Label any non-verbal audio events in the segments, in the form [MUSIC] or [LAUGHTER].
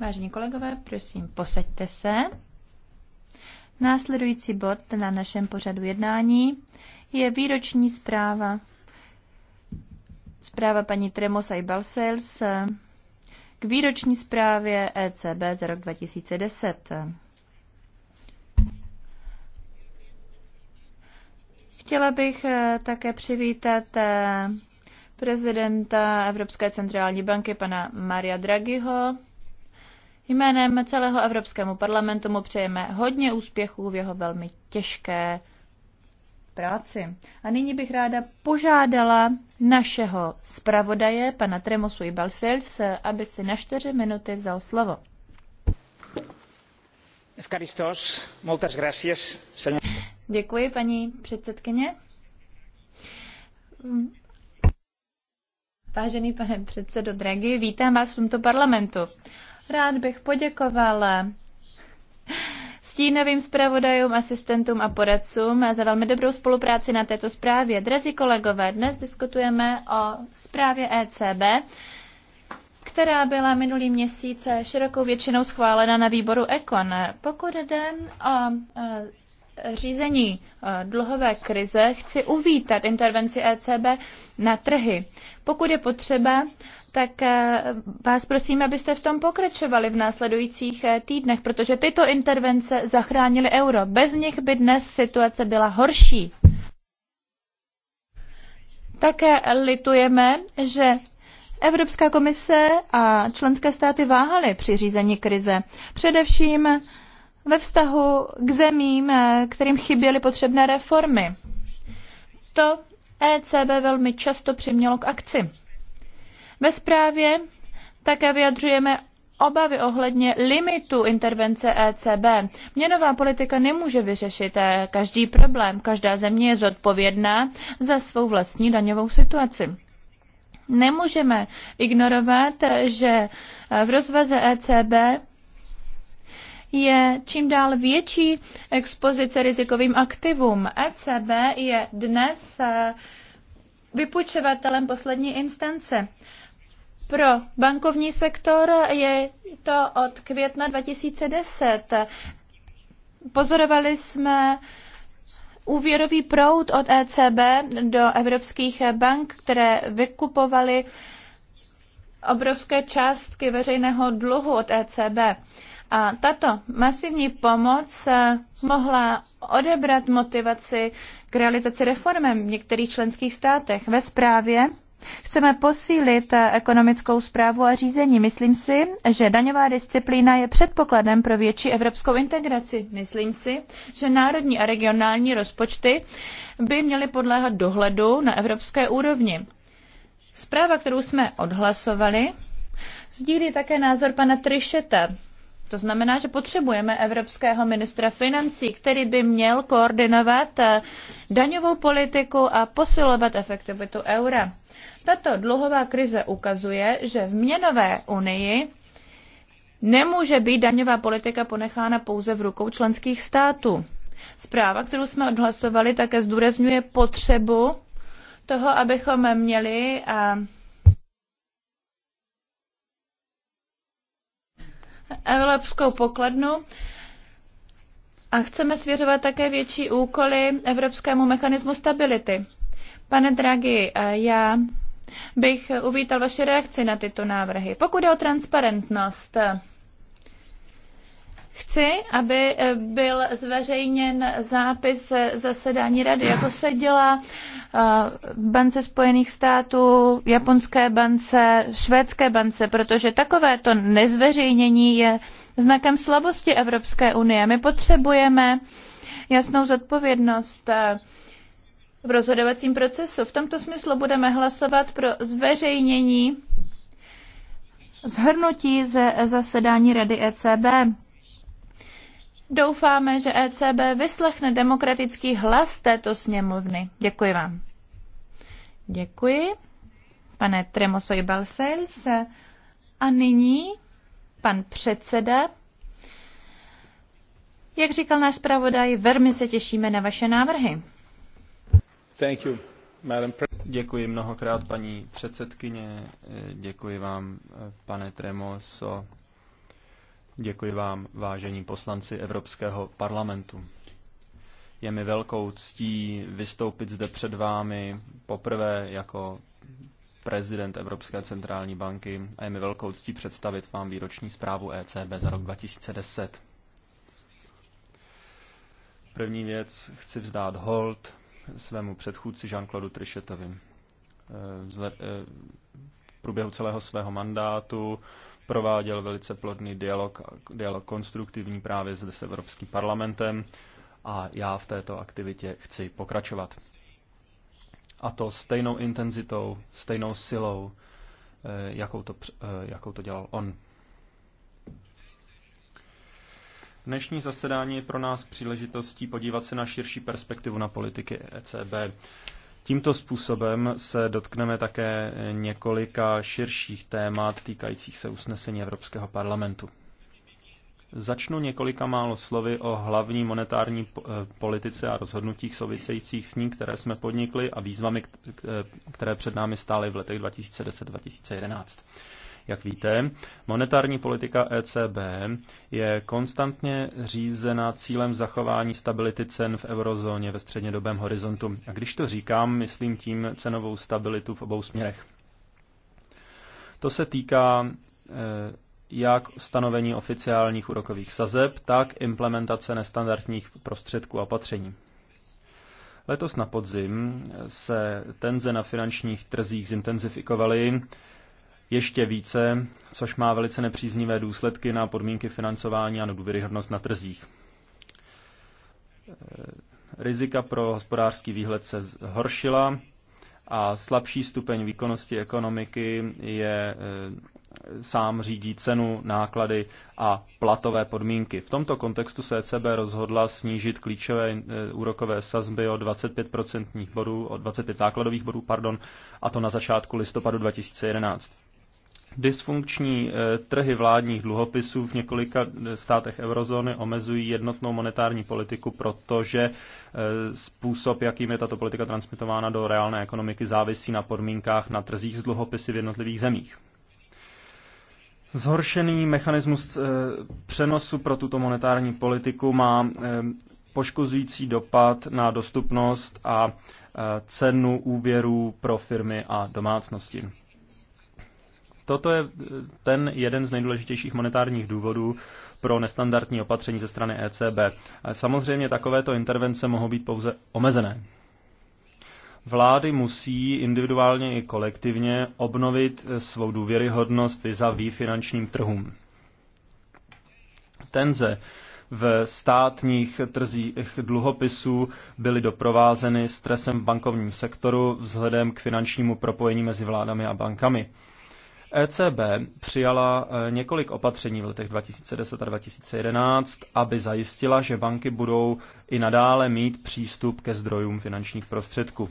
Vážení kolegové, prosím, posaďte se. Následující bod na našem pořadu jednání je výroční zpráva. Zpráva paní Tremosa i Balsels k výroční zprávě ECB za rok 2010. Chtěla bych eh, také přivítat eh, prezidenta Evropské centrální banky pana Maria Draghiho. Jménem celého Evropskému parlamentu mu přejeme hodně úspěchů v jeho velmi těžké práci. A nyní bych ráda požádala našeho zpravodaje, pana Tremosu i Balsels, aby si na čtyři minuty vzal slovo. Děkuji, paní předsedkyně. Vážený pane předsedo Draghi, vítám vás v tomto parlamentu. Rád bych poděkoval stínovým zpravodajům, asistentům a poradcům za velmi dobrou spolupráci na této zprávě. Drazí kolegové, dnes diskutujeme o zprávě ECB, která byla minulý měsíc širokou většinou schválena na výboru Econ. Pokud jde o e, řízení eh, dluhové krize chci uvítat intervenci ECB na trhy. Pokud je potřeba, tak eh, vás prosím, abyste v tom pokračovali v následujících eh, týdnech, protože tyto intervence zachránily euro. Bez nich by dnes situace byla horší. Také litujeme, že Evropská komise a členské státy váhaly při řízení krize. Především ve vztahu k zemím, eh, kterým chyběly potřebné reformy. To ECB velmi často přimělo k akci. Ve zprávě také vyjadřujeme obavy ohledně limitu intervence ECB. Měnová politika nemůže vyřešit eh, každý problém. Každá země je zodpovědná za svou vlastní daňovou situaci. Nemůžeme ignorovat, eh, že v rozvaze ECB je čím dál větší expozice rizikovým aktivům. ECB je dnes eh, vypůjčovatelem poslední instance. Pro bankovní sektor je to od května 2010. Pozorovali jsme úvěrový proud od ECB do evropských bank, které vykupovaly obrovské částky veřejného dluhu od ECB. A tato masivní pomoc eh, mohla odebrat motivaci k realizaci reformy v některých členských státech. Ve zprávě Chceme posílit eh, ekonomickou zprávu a řízení. Myslím si, že daňová disciplína je předpokladem pro větší evropskou integraci. Myslím si, že národní a regionální rozpočty by měly podléhat dohledu na evropské úrovni. Zpráva, kterou jsme odhlasovali, sdílí také názor pana Trišeta, to znamená, že potřebujeme evropského ministra financí, který by měl koordinovat eh, daňovou politiku a posilovat efektivitu eura. Tato dluhová krize ukazuje, že v měnové unii nemůže být daňová politika ponechána pouze v rukou členských států. Zpráva, kterou jsme odhlasovali, také zdůrazňuje potřebu toho, abychom měli eh, Evropskou pokladnu a chceme svěřovat také větší úkoly Evropskému mechanismu stability. Pane Draghi, já bych uvítal vaše reakci na tyto návrhy. Pokud je o transparentnost, Chci, aby eh, byl zveřejněn zápis zasedání rady, jako se dělá eh, v bance Spojených států, japonské bance, švédské bance, protože takovéto nezveřejnění je znakem slabosti Evropské unie. My potřebujeme jasnou zodpovědnost eh, v rozhodovacím procesu. V tomto smyslu budeme hlasovat pro zveřejnění zhrnutí ze zasedání Rady ECB. Doufáme, že ECB vyslechne demokratický hlas této sněmovny. Děkuji vám. Děkuji, pane Tremosoj Balsels. A nyní pan předseda. Jak říkal náš zpravodaj, velmi se těšíme na vaše návrhy. Thank you, madam Děkuji mnohokrát, paní předsedkyně. Děkuji vám, pane Tremoso Děkuji vám, vážení poslanci Evropského parlamentu. Je mi velkou ctí vystoupit zde před vámi poprvé jako prezident Evropské centrální banky a je mi velkou ctí představit vám výroční zprávu ECB za rok 2010. První věc, chci vzdát hold svému předchůdci Jean-Claude Trichetovi. Eh, eh, v průběhu celého svého mandátu prováděl velice plodný dialog, dialog konstruktivní právě zde s Evropským parlamentem a já v této aktivitě chci pokračovat. A to stejnou intenzitou, stejnou silou, eh, jakou to, eh, jakou to dělal on. Dnešní zasedání je pro nás příležitostí podívat se na širší perspektivu na politiky ECB. Tímto způsobem se dotkneme také několika širších témat týkajících se usnesení Evropského parlamentu. Začnu několika málo slovy o hlavní monetární eh, politice a rozhodnutích souvisejících s ní, které jsme podnikli a výzvami, které před námi stály v letech 2010-2011. Jak víte, monetární politika ECB je konstantně řízena cílem zachování stability cen v eurozóně ve střednědobém horizontu. A když to říkám, myslím tím cenovou stabilitu v obou směrech. To se týká eh, jak stanovení oficiálních úrokových sazeb, tak implementace nestandardních prostředků a opatření. Letos na podzim se tenze na finančních trzích zintenzifikovaly ještě více, což má velice nepříznivé důsledky na podmínky financování a na důvěryhodnost na trzích. Rizika pro hospodářský výhled se zhoršila a slabší stupeň výkonnosti ekonomiky je eh, sám řídí cenu, náklady a platové podmínky. V tomto kontextu se ECB rozhodla snížit klíčové eh, úrokové sazby o 25 bodů, o 25 základových bodů, pardon, a to na začátku listopadu 2011. Dysfunkční eh, trhy vládních dluhopisů v několika eh, státech eurozóny omezují jednotnou monetární politiku, protože eh, způsob, jakým je tato politika transmitována do reálné ekonomiky, závisí na podmínkách na trzích z dluhopisy v jednotlivých zemích. Zhoršený mechanismus přenosu pro tuto monetární politiku má poškozující dopad na dostupnost a cenu úvěrů pro firmy a domácnosti. Toto je eh, ten jeden z nejdůležitějších monetárních důvodů pro nestandardní opatření ze strany ECB. A samozřejmě takovéto intervence mohou být pouze omezené. Vlády musí individuálně i kolektivně obnovit eh, svou důvěryhodnost vizaví finančním trhům. Tenze v státních trzích dluhopisů byly doprovázeny stresem v bankovním sektoru vzhledem k finančnímu propojení mezi vládami a bankami. ECB přijala e, několik opatření v letech 2010 a 2011, aby zajistila, že banky budou i nadále mít přístup ke zdrojům finančních prostředků.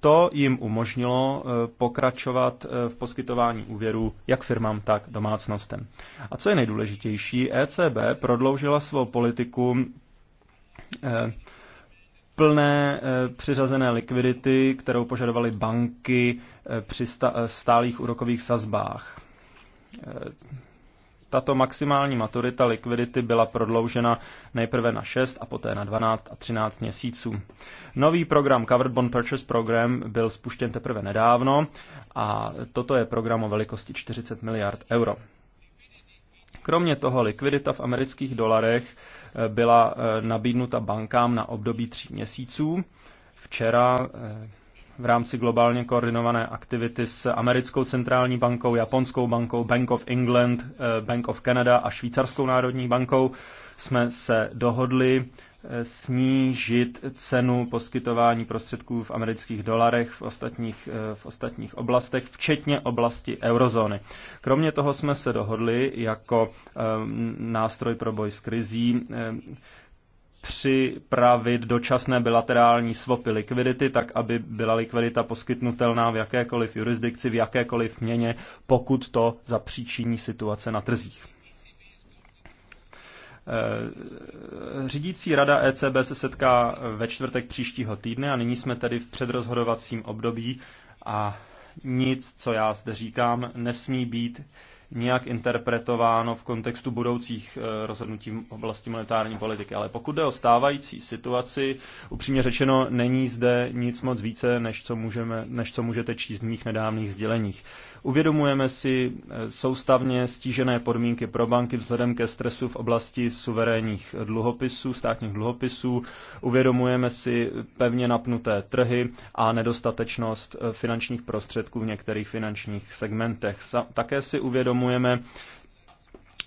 To jim umožnilo e, pokračovat e, v poskytování úvěrů jak firmám, tak domácnostem. A co je nejdůležitější, ECB prodloužila svou politiku eh, úplné eh, přiřazené likvidity, kterou požadovaly banky eh, při eh, stálých úrokových sazbách. Tato maximální maturita likvidity byla prodloužena nejprve na 6 a poté na 12 a 13 měsíců. Nový program Covered Bond Purchase Program byl spuštěn teprve nedávno a toto je program o velikosti 40 miliard euro. Kromě toho likvidita v amerických dolarech eh, byla eh, nabídnuta bankám na období tří měsíců. Včera eh, v rámci globálně koordinované aktivity s americkou centrální bankou, japonskou bankou, Bank of England, Bank of Canada a švýcarskou národní bankou jsme se dohodli snížit cenu poskytování prostředků v amerických dolarech v ostatních, eh, v ostatních oblastech, včetně oblasti eurozóny. Kromě toho jsme se dohodli jako eh, nástroj pro boj s krizí eh, připravit dočasné bilaterální svopy likvidity, tak aby byla likvidita poskytnutelná v jakékoliv jurisdikci, v jakékoliv měně, pokud to zapříčiní situace na trzích. Eh, řídící rada ECB se setká ve čtvrtek příštího týdne a nyní jsme tedy v předrozhodovacím období a nic, co já zde říkám, nesmí být nějak interpretováno v kontextu budoucích eh, rozhodnutí v oblasti monetární politiky. Ale pokud jde o stávající situaci, upřímně řečeno, není zde nic moc více, než co, můžeme, než co můžete číst v mých nedávných sděleních. Uvědomujeme si eh, soustavně stížené podmínky pro banky vzhledem ke stresu v oblasti suverénních dluhopisů, státních dluhopisů. Uvědomujeme si pevně napnuté trhy a nedostatečnost eh, finančních prostředků v některých finančních segmentech. Také si uvědomujeme,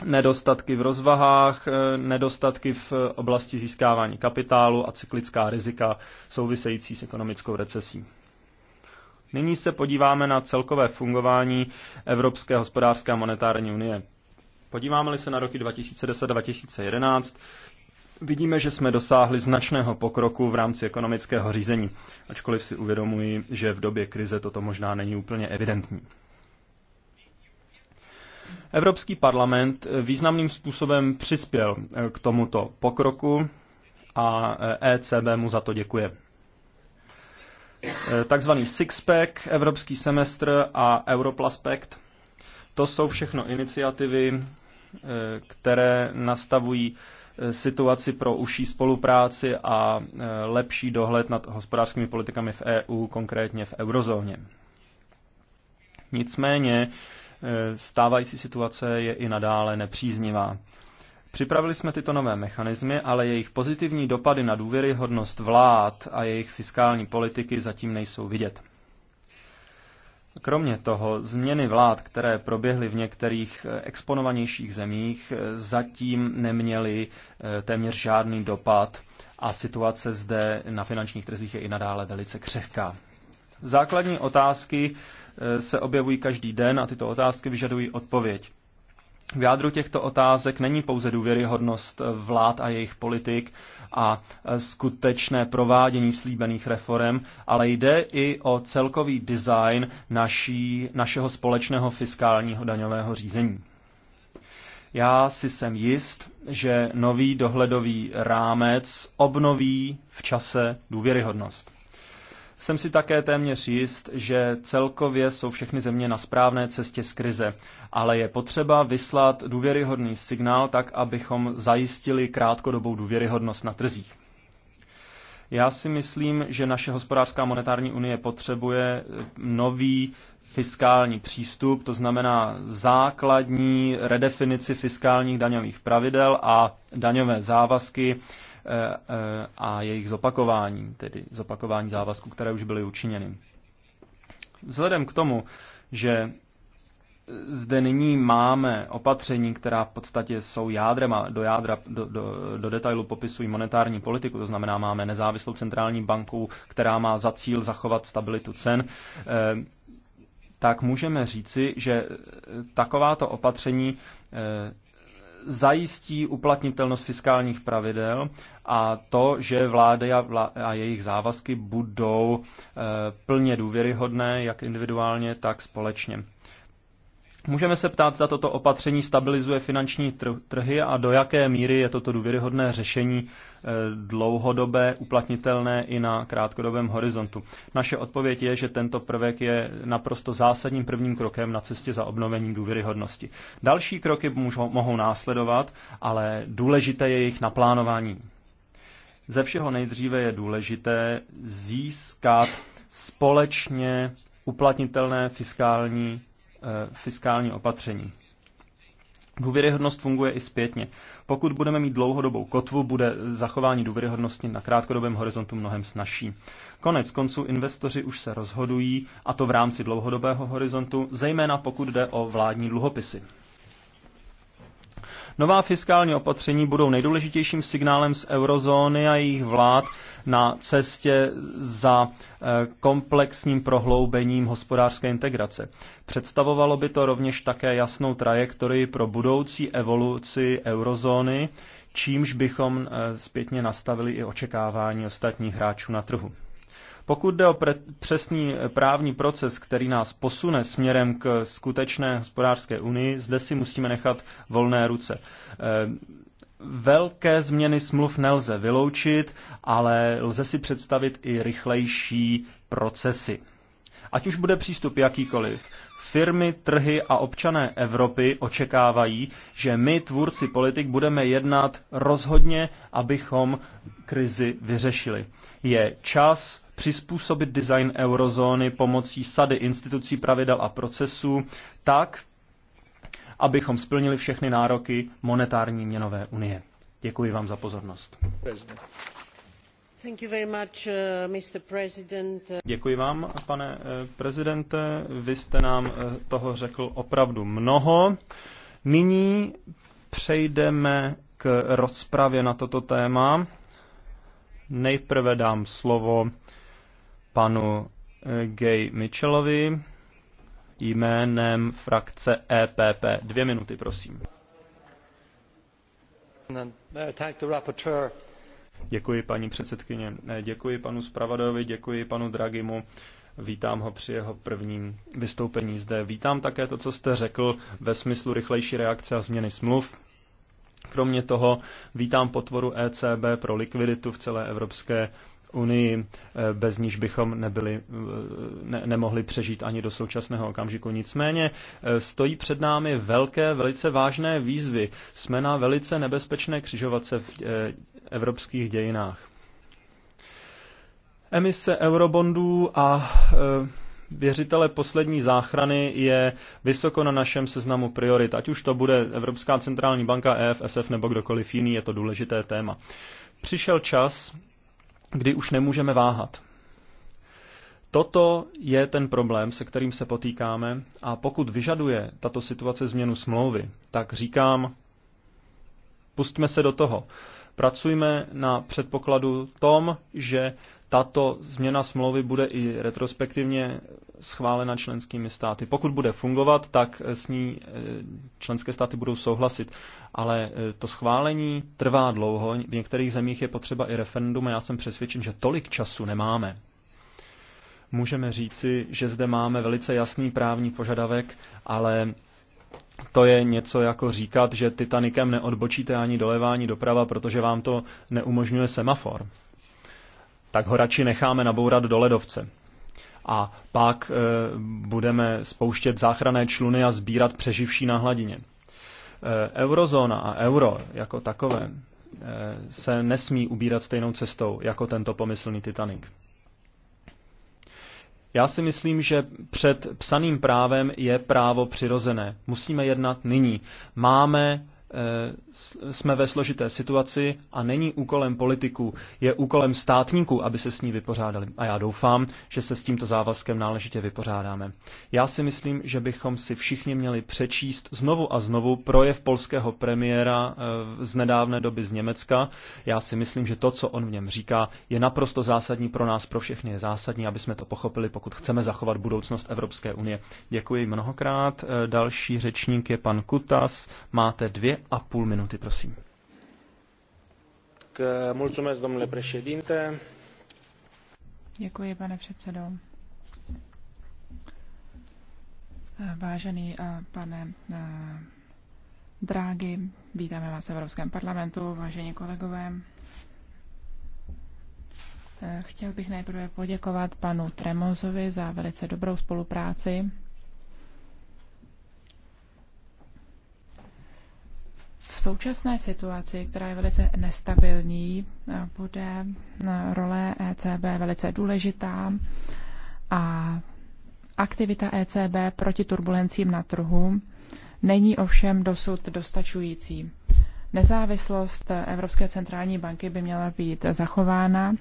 nedostatky v rozvahách, eh, nedostatky v oblasti získávání kapitálu a cyklická rizika související s ekonomickou recesí. Nyní se podíváme na celkové fungování Evropské hospodářské a monetární unie. Podíváme-li se na roky 2010 a 2011, vidíme, že jsme dosáhli značného pokroku v rámci ekonomického řízení, ačkoliv si uvědomuji, že v době krize toto možná není úplně evidentní. Evropský parlament významným způsobem přispěl k tomuto pokroku a ECB mu za to děkuje. Eh, takzvaný Sixpack, Evropský semestr a Europlaspekt. To jsou všechno iniciativy, eh, které nastavují eh, situaci pro užší spolupráci a lepší dohled nad hospodářskými politikami v EU, konkrétně v eurozóně. Nicméně stávající situace je i nadále nepříznivá. Připravili jsme tyto nové mechanismy, ale jejich pozitivní dopady na důvěryhodnost vlád a jejich fiskální politiky zatím nejsou vidět. Kromě toho, změny vlád, které proběhly v některých eh, exponovanějších zemích, eh, zatím neměly eh, téměř žádný dopad a situace zde na finančních trzích je i nadále velice křehká. Základní otázky se objevují každý den a tyto otázky vyžadují odpověď. V jádru těchto otázek není pouze důvěryhodnost vlád a jejich politik a skutečné provádění slíbených reform, ale jde i o celkový design naší, našeho společného fiskálního daňového řízení. Já si jsem jist, že nový dohledový rámec obnoví v čase důvěryhodnost. Jsem si také téměř jist, že celkově jsou všechny země na správné cestě z krize, ale je potřeba vyslat důvěryhodný signál tak, abychom zajistili krátkodobou důvěryhodnost na trzích. Já si myslím, že naše hospodářská monetární unie potřebuje eh, nový fiskální přístup, to znamená základní redefinici fiskálních daňových pravidel a daňové závazky Eh, eh, a jejich zopakování, tedy zopakování závazků, které už byly učiněny. Vzhledem k tomu, že zde nyní máme opatření, která v podstatě jsou jádrem a do jádra, do, do, do detailu popisují monetární politiku, to znamená máme nezávislou centrální banku, která má za cíl zachovat stabilitu cen, eh, tak můžeme říci, že takováto opatření zajistí uplatnitelnost fiskálních pravidel a to, že vlády a, vlá- a jejich závazky budou eh, plně důvěryhodné, jak individuálně, tak společně. Můžeme se ptát, zda toto opatření stabilizuje finanční trhy a do jaké míry je toto důvěryhodné řešení eh, dlouhodobé, uplatnitelné i na krátkodobém horizontu. Naše odpověď je, že tento prvek je naprosto zásadním prvním krokem na cestě za obnovením důvěryhodnosti. Další kroky můžou, mohou následovat, ale důležité je jejich naplánování. Ze všeho nejdříve je důležité získat společně uplatnitelné fiskální Eh, fiskální opatření. Důvěryhodnost funguje i zpětně. Pokud budeme mít dlouhodobou kotvu, bude zachování důvěryhodnosti na krátkodobém horizontu mnohem snažší. Konec konců investoři už se rozhodují, a to v rámci dlouhodobého horizontu, zejména pokud jde o vládní dluhopisy. Nová fiskální opatření budou nejdůležitějším signálem z eurozóny a jejich vlád na cestě za eh, komplexním prohloubením hospodářské integrace. Představovalo by to rovněž také jasnou trajektorii pro budoucí evoluci eurozóny, čímž bychom eh, zpětně nastavili i očekávání ostatních hráčů na trhu. Pokud jde o přesný právní proces, který nás posune směrem k skutečné hospodářské unii, zde si musíme nechat volné ruce. E, velké změny smluv nelze vyloučit, ale lze si představit i rychlejší procesy. Ať už bude přístup jakýkoliv, firmy, trhy a občané Evropy očekávají, že my, tvůrci politik, budeme jednat rozhodně, abychom krizi vyřešili. Je čas přizpůsobit design eurozóny pomocí sady institucí, pravidel a procesů tak, abychom splnili všechny nároky monetární měnové unie. Děkuji vám za pozornost. Much, uh, Děkuji vám, pane eh, prezidente. Vy jste nám eh, toho řekl opravdu mnoho. Nyní přejdeme k rozpravě na toto téma. Nejprve dám slovo panu eh, Gay Mitchellovi jménem frakce EPP. Dvě minuty, prosím. Děkuji paní předsedkyně, eh, děkuji panu Spravadovi, děkuji panu Dragimu, vítám ho při jeho prvním vystoupení zde. Vítám také to, co jste řekl ve smyslu rychlejší reakce a změny smluv. Kromě toho vítám potvoru ECB pro likviditu v celé Evropské unii, eh, bez níž bychom nebyli, eh, ne, nemohli přežít ani do současného okamžiku. Nicméně eh, stojí před námi velké, velice vážné výzvy. Jsme na velice nebezpečné křižovatce v evropských dějinách. Emise eurobondů a věřitele poslední záchrany je vysoko na našem seznamu priorit. Ať už to bude Evropská centrální banka, EFSF nebo kdokoliv jiný, je to důležité téma. Přišel čas kdy už nemůžeme váhat. Toto je ten problém, se kterým se potýkáme a pokud vyžaduje tato situace změnu smlouvy, tak říkám, pustme se do toho. Pracujme na předpokladu tom, že tato změna smlouvy bude i retrospektivně schválena členskými státy. Pokud bude fungovat, tak s ní eh, členské státy budou souhlasit. Ale eh, to schválení trvá dlouho, v některých zemích je potřeba i referendum a já jsem přesvědčen, že tolik času nemáme. Můžeme říci, že zde máme velice jasný právní požadavek, ale to je něco jako říkat, že Titanikem neodbočíte ani doleva, ani doprava, protože vám to neumožňuje semafor tak ho radši necháme nabourat do ledovce. A pak e, budeme spouštět záchranné čluny a sbírat přeživší na hladině. E, eurozóna a euro jako takové e, se nesmí ubírat stejnou cestou jako tento pomyslný Titanic. Já si myslím, že před psaným právem je právo přirozené. Musíme jednat nyní. Máme Eh, jsme ve složité situaci a není úkolem politiků, je úkolem státníků, aby se s ní vypořádali. A já doufám, že se s tímto závazkem náležitě vypořádáme. Já si myslím, že bychom si všichni měli přečíst znovu a znovu projev polského premiéra eh, z nedávné doby z Německa. Já si myslím, že to, co on v něm říká, je naprosto zásadní pro nás, pro všechny je zásadní, aby jsme to pochopili, pokud chceme zachovat budoucnost Evropské unie. Děkuji mnohokrát. Eh, další řečník je pan Kutas. Máte dvě a půl minuty, prosím. K, mulțumesc, domnule președinte. Děkuji, pane předsedo. Vážený eh, pane eh, Drágy, vítáme vás v Evropském parlamentu, vážení kolegové. Eh, chtěl bych nejprve poděkovat panu Tremozovi za velice dobrou spolupráci V současné situaci, která je velice nestabilní, eh, bude eh, role ECB velice důležitá a aktivita ECB proti turbulencím na trhu není ovšem dosud dostačující. Nezávislost Evropské centrální banky by měla být zachována.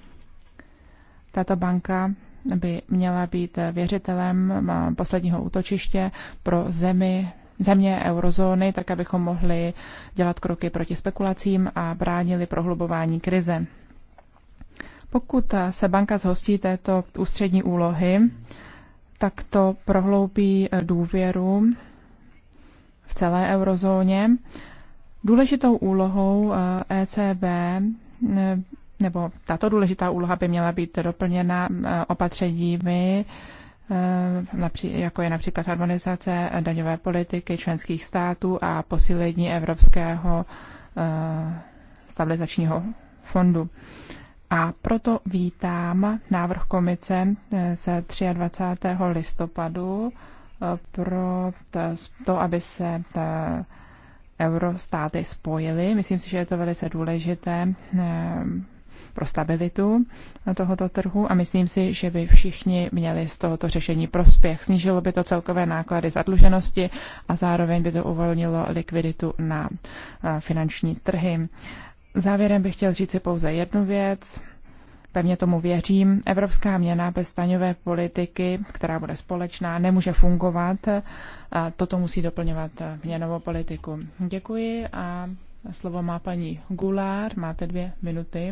Tato banka by měla být věřitelem eh, posledního útočiště pro zemi země eurozóny, tak abychom mohli dělat kroky proti spekulacím a bránili prohlubování krize. Pokud se banka zhostí této ústřední úlohy, tak to prohloubí důvěru v celé eurozóně. Důležitou úlohou ECB eh, e eh, nebo tato důležitá úloha by měla být doplněna eh, opatřeními, Eh, jako je například harmonizace daňové politiky členských států a posílení Evropského eh, stabilizačního fondu. A proto vítám návrh komice eh, ze 23. listopadu pro to, aby se eurostáty spojily. Myslím si, že je to velice důležité pro stabilitu tohoto trhu a myslím si, že by všichni měli z tohoto řešení prospěch. Snížilo by to celkové náklady zadluženosti a zároveň by to uvolnilo likviditu na finanční trhy. Závěrem bych chtěl říci pouze jednu věc. Pevně tomu věřím. Evropská měna bez staňové politiky, která bude společná, nemůže fungovat. A toto musí doplňovat měnovou politiku. Děkuji a slovo má paní Gulár. Máte dvě minuty.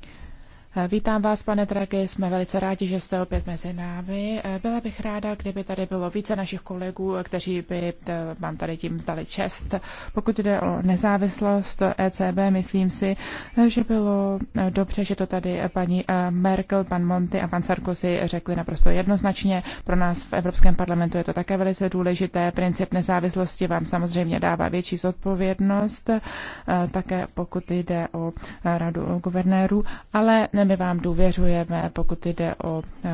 Vítám vás, pane Draghi, jsme velice rádi, že jste opět mezi námi. Byla bych ráda, kdyby tady bylo více našich kolegů, kteří by eh, vám tady tím zdali čest. Pokud jde o nezávislost ECB, myslím si, že bylo eh, dobře, že to tady eh, paní Merkel, pan Monty a pan Sarkozy řekli naprosto jednoznačně. Pro nás v Evropském parlamentu je to také velice důležité. Princip nezávislosti vám samozřejmě dává větší zodpovědnost, také pokud jde o radu guvernérů, ale my vám důvěřujeme, pokud jde o eh,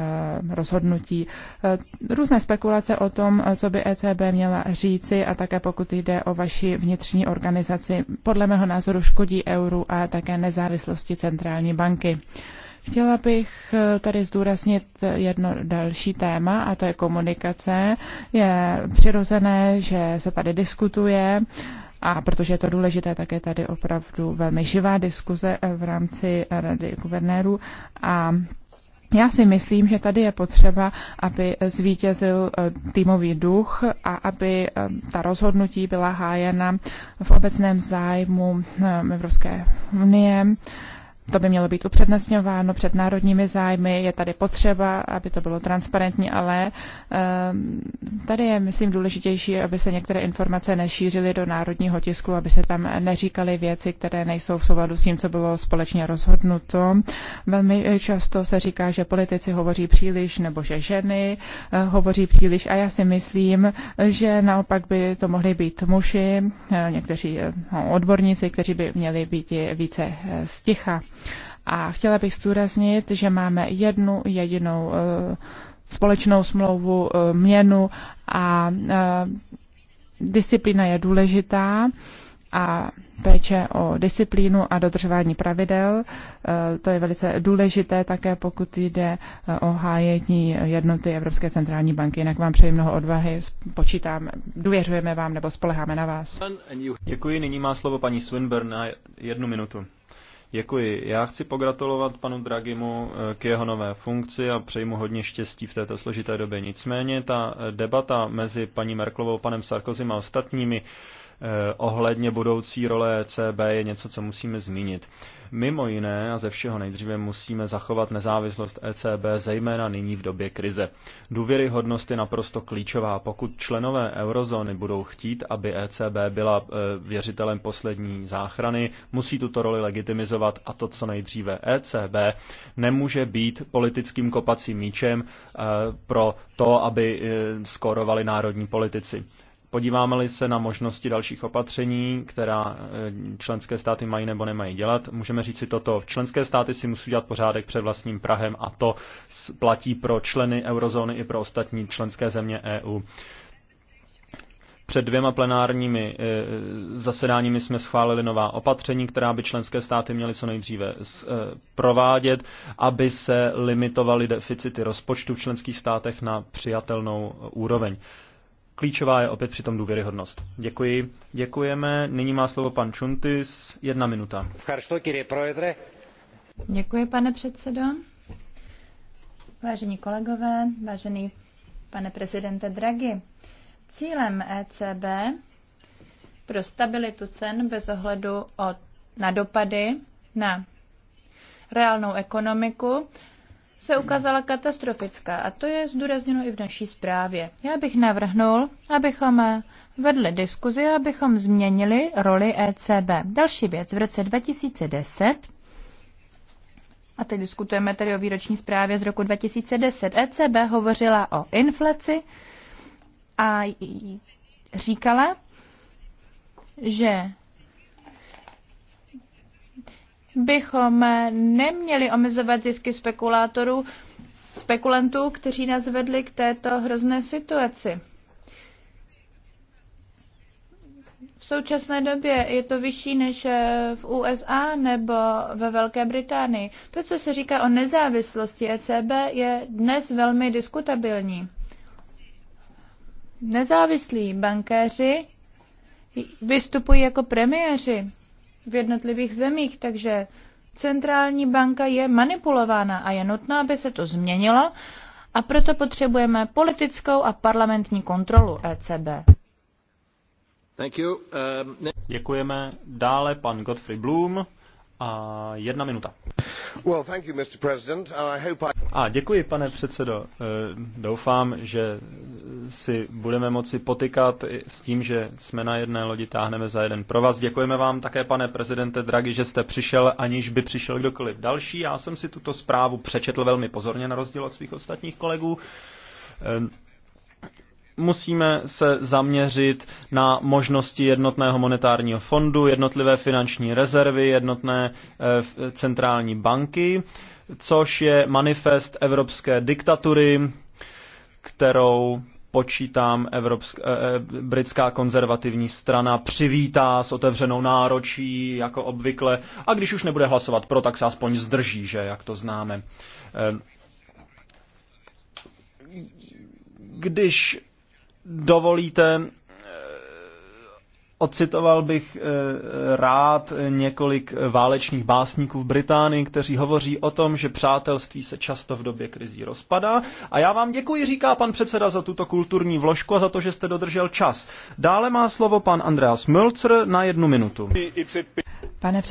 rozhodnutí. Eh, různé spekulace o tom, eh, co by ECB měla říci a také pokud jde o vaši vnitřní organizaci, podle mého názoru škodí euru a také nezávislosti centrální banky. Chtěla bych tady zdůraznit jedno další téma, a to je komunikace. Je přirozené, že se tady diskutuje a protože je to důležité, tak je tady opravdu velmi živá diskuze eh, v rámci Rady guvernérů a já si myslím, že tady je potřeba, aby zvítězil eh, týmový duch a aby eh, ta rozhodnutí byla hájena v obecném zájmu Evropské unie to by mělo být upřednostňováno před národními zájmy, je tady potřeba, aby to bylo transparentní, ale ehm, tady je, myslím, důležitější, aby se některé informace nešířily do národního tisku, aby se tam neříkaly věci, které nejsou v souladu s tím, co bylo společně rozhodnuto. Velmi často se říká, že politici hovoří příliš nebo že ženy eh, hovoří příliš a já si myslím, že naopak by to mohly být muži, eh, někteří eh, no, odborníci, kteří by měli být více sticha. A chtěla bych zdůraznit, že máme jednu jedinou eh, společnou smlouvu, eh, měnu a eh, disciplína je důležitá a péče o disciplínu a dodržování pravidel. To je velice důležité také, pokud jde o hájení jednoty Evropské centrální banky. Jinak vám přeji mnoho odvahy, počítám, důvěřujeme vám nebo spoleháme na vás. Děkuji, nyní má slovo paní Swinburne na jednu minutu. Děkuji. Já chci pogratulovat panu Dragimu eh, k jeho nové funkci a přeji mu hodně štěstí v této složité době. Nicméně ta eh, debata mezi paní Merklovou, panem Sarkozym a ostatními eh, ohledně budoucí role ECB je něco, co musíme zmínit. Mimo jiné a ze všeho nejdříve musíme zachovat nezávislost ECB, zejména nyní v době krize. Důvěryhodnost je naprosto klíčová. Pokud členové eurozóny budou chtít, aby ECB byla e, věřitelem poslední záchrany, musí tuto roli legitimizovat a to co nejdříve. ECB nemůže být politickým kopacím míčem e, pro to, aby e, skorovali národní politici. Podíváme-li se na možnosti dalších opatření, která e, členské státy mají nebo nemají dělat, můžeme říct si toto. Členské státy si musí dělat pořádek před vlastním Prahem a to platí pro členy eurozóny i pro ostatní členské země EU. Před dvěma plenárními e, zasedáními jsme schválili nová opatření, která by členské státy měly co nejdříve e, provádět, aby se limitovaly deficity rozpočtu v členských státech na přijatelnou úroveň. Klíčová je opět přitom důvěryhodnost. Děkuji. Děkujeme. Nyní má slovo pan Čuntis. Jedna minuta. Děkuji, pane předsedo. Vážení kolegové, vážený pane prezidente Draghi, cílem ECB pro stabilitu cen bez ohledu na dopady na reálnou ekonomiku se ukázala katastrofická a to je zdůrazněno i v naší zprávě. Já bych navrhnul, abychom vedli diskuzi, abychom změnili roli ECB. Další věc, v roce 2010, a teď diskutujeme tedy o výroční zprávě z roku 2010, ECB hovořila o inflaci a říkala, že bychom neměli omezovat zisky spekulátorů, spekulantů, kteří nás vedli k této hrozné situaci. V současné době je to vyšší než v USA nebo ve Velké Británii. To, co se říká o nezávislosti ECB, je dnes velmi diskutabilní. Nezávislí bankéři vystupují jako premiéři v jednotlivých zemích, takže centrální banka je manipulována a je nutné, aby se to změnilo a proto potřebujeme politickou a parlamentní kontrolu ECB. Thank you. Um, Děkujeme. Dále pan Godfrey Bloom a jedna minuta. Well, thank you, Mr. President, and uh, I hope I... A děkuji, pane předsedo. Eh, doufám, že si budeme moci potykat s tím, že jsme na jedné lodi, táhneme za jeden pro vás. Děkujeme vám také, pane prezidente Draghi, že jste přišel, aniž by přišel kdokoliv další. Já jsem si tuto zprávu přečetl velmi pozorně, na rozdíl od svých ostatních kolegů. Eh, musíme se zaměřit na možnosti jednotného monetárního fondu, jednotlivé finanční rezervy, jednotné eh, centrální banky, což je manifest evropské diktatury, kterou počítám Evropská, eh, eh, britská konzervativní strana přivítá s otevřenou náročí, jako obvykle, a když už nebude hlasovat pro, tak se aspoň zdrží, že, jak to známe. když dovolíte, eh, Ocitoval bych eh, rád několik válečných básníků v Británii, kteří hovoří o tom, že přátelství se často v době krizí rozpadá. A já vám děkuji, říká pan předseda, za tuto kulturní vložku a za to, že jste dodržel čas. Dále má slovo pan Andreas Mölzer na jednu minutu. Pane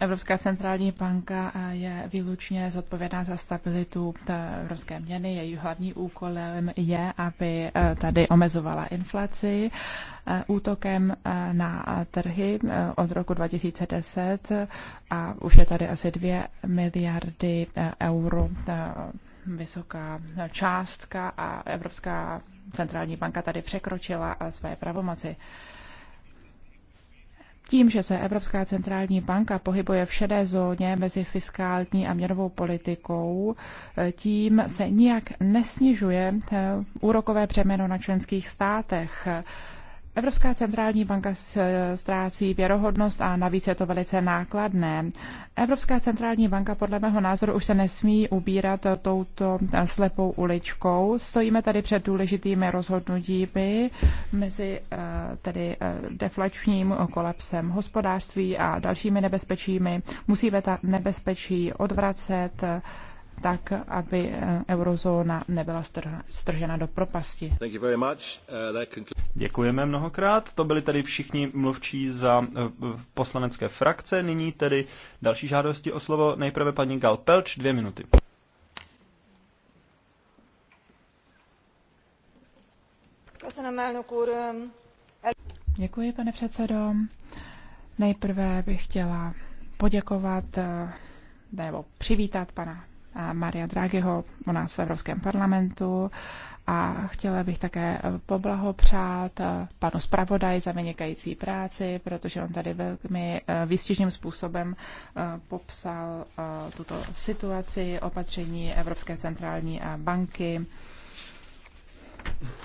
Evropská centrální banka eh, je výlučně zodpovědná za stabilitu eh, evropské měny. Její hlavní úkolem je, aby eh, tady omezovala inflaci. Útokem na trhy od roku 2010 a už je tady asi 2 miliardy euro vysoká částka a Evropská centrální banka tady překročila své pravomoci. Tím, že se Evropská centrální banka pohybuje v šedé zóně mezi fiskální a měnovou politikou, eh, tím se nijak nesnižuje eh, úrokové přeměno na členských státech. Evropská centrální banka eh, ztrácí věrohodnost a navíc je to velice nákladné. Evropská centrální banka podle mého názoru už se nesmí ubírat touto slepou uličkou. Stojíme tady před důležitými rozhodnutími mezi eh, tedy eh, deflačním kolapsem hospodářství a dalšími nebezpečími. Musíme ta nebezpečí odvracet tak, aby eh, eurozóna nebyla stržena do propasti. Eh, Děkujeme mnohokrát. To byli tedy všichni mluvčí za eh, poslanecké frakce. Nyní tedy další žádosti o slovo. Nejprve paní Gal Pelč, dvě minuty. Děkuji, pane předsedo. Nejprve bych chtěla poděkovat nebo přivítat pana Maria Draghiho u nás v Evropském parlamentu a chtěla bych také poblahopřát eh, panu zpravodaj za vynikající práci, protože on tady velmi eh, výstižným způsobem eh, popsal tuto situaci, opatření Evropské centrální banky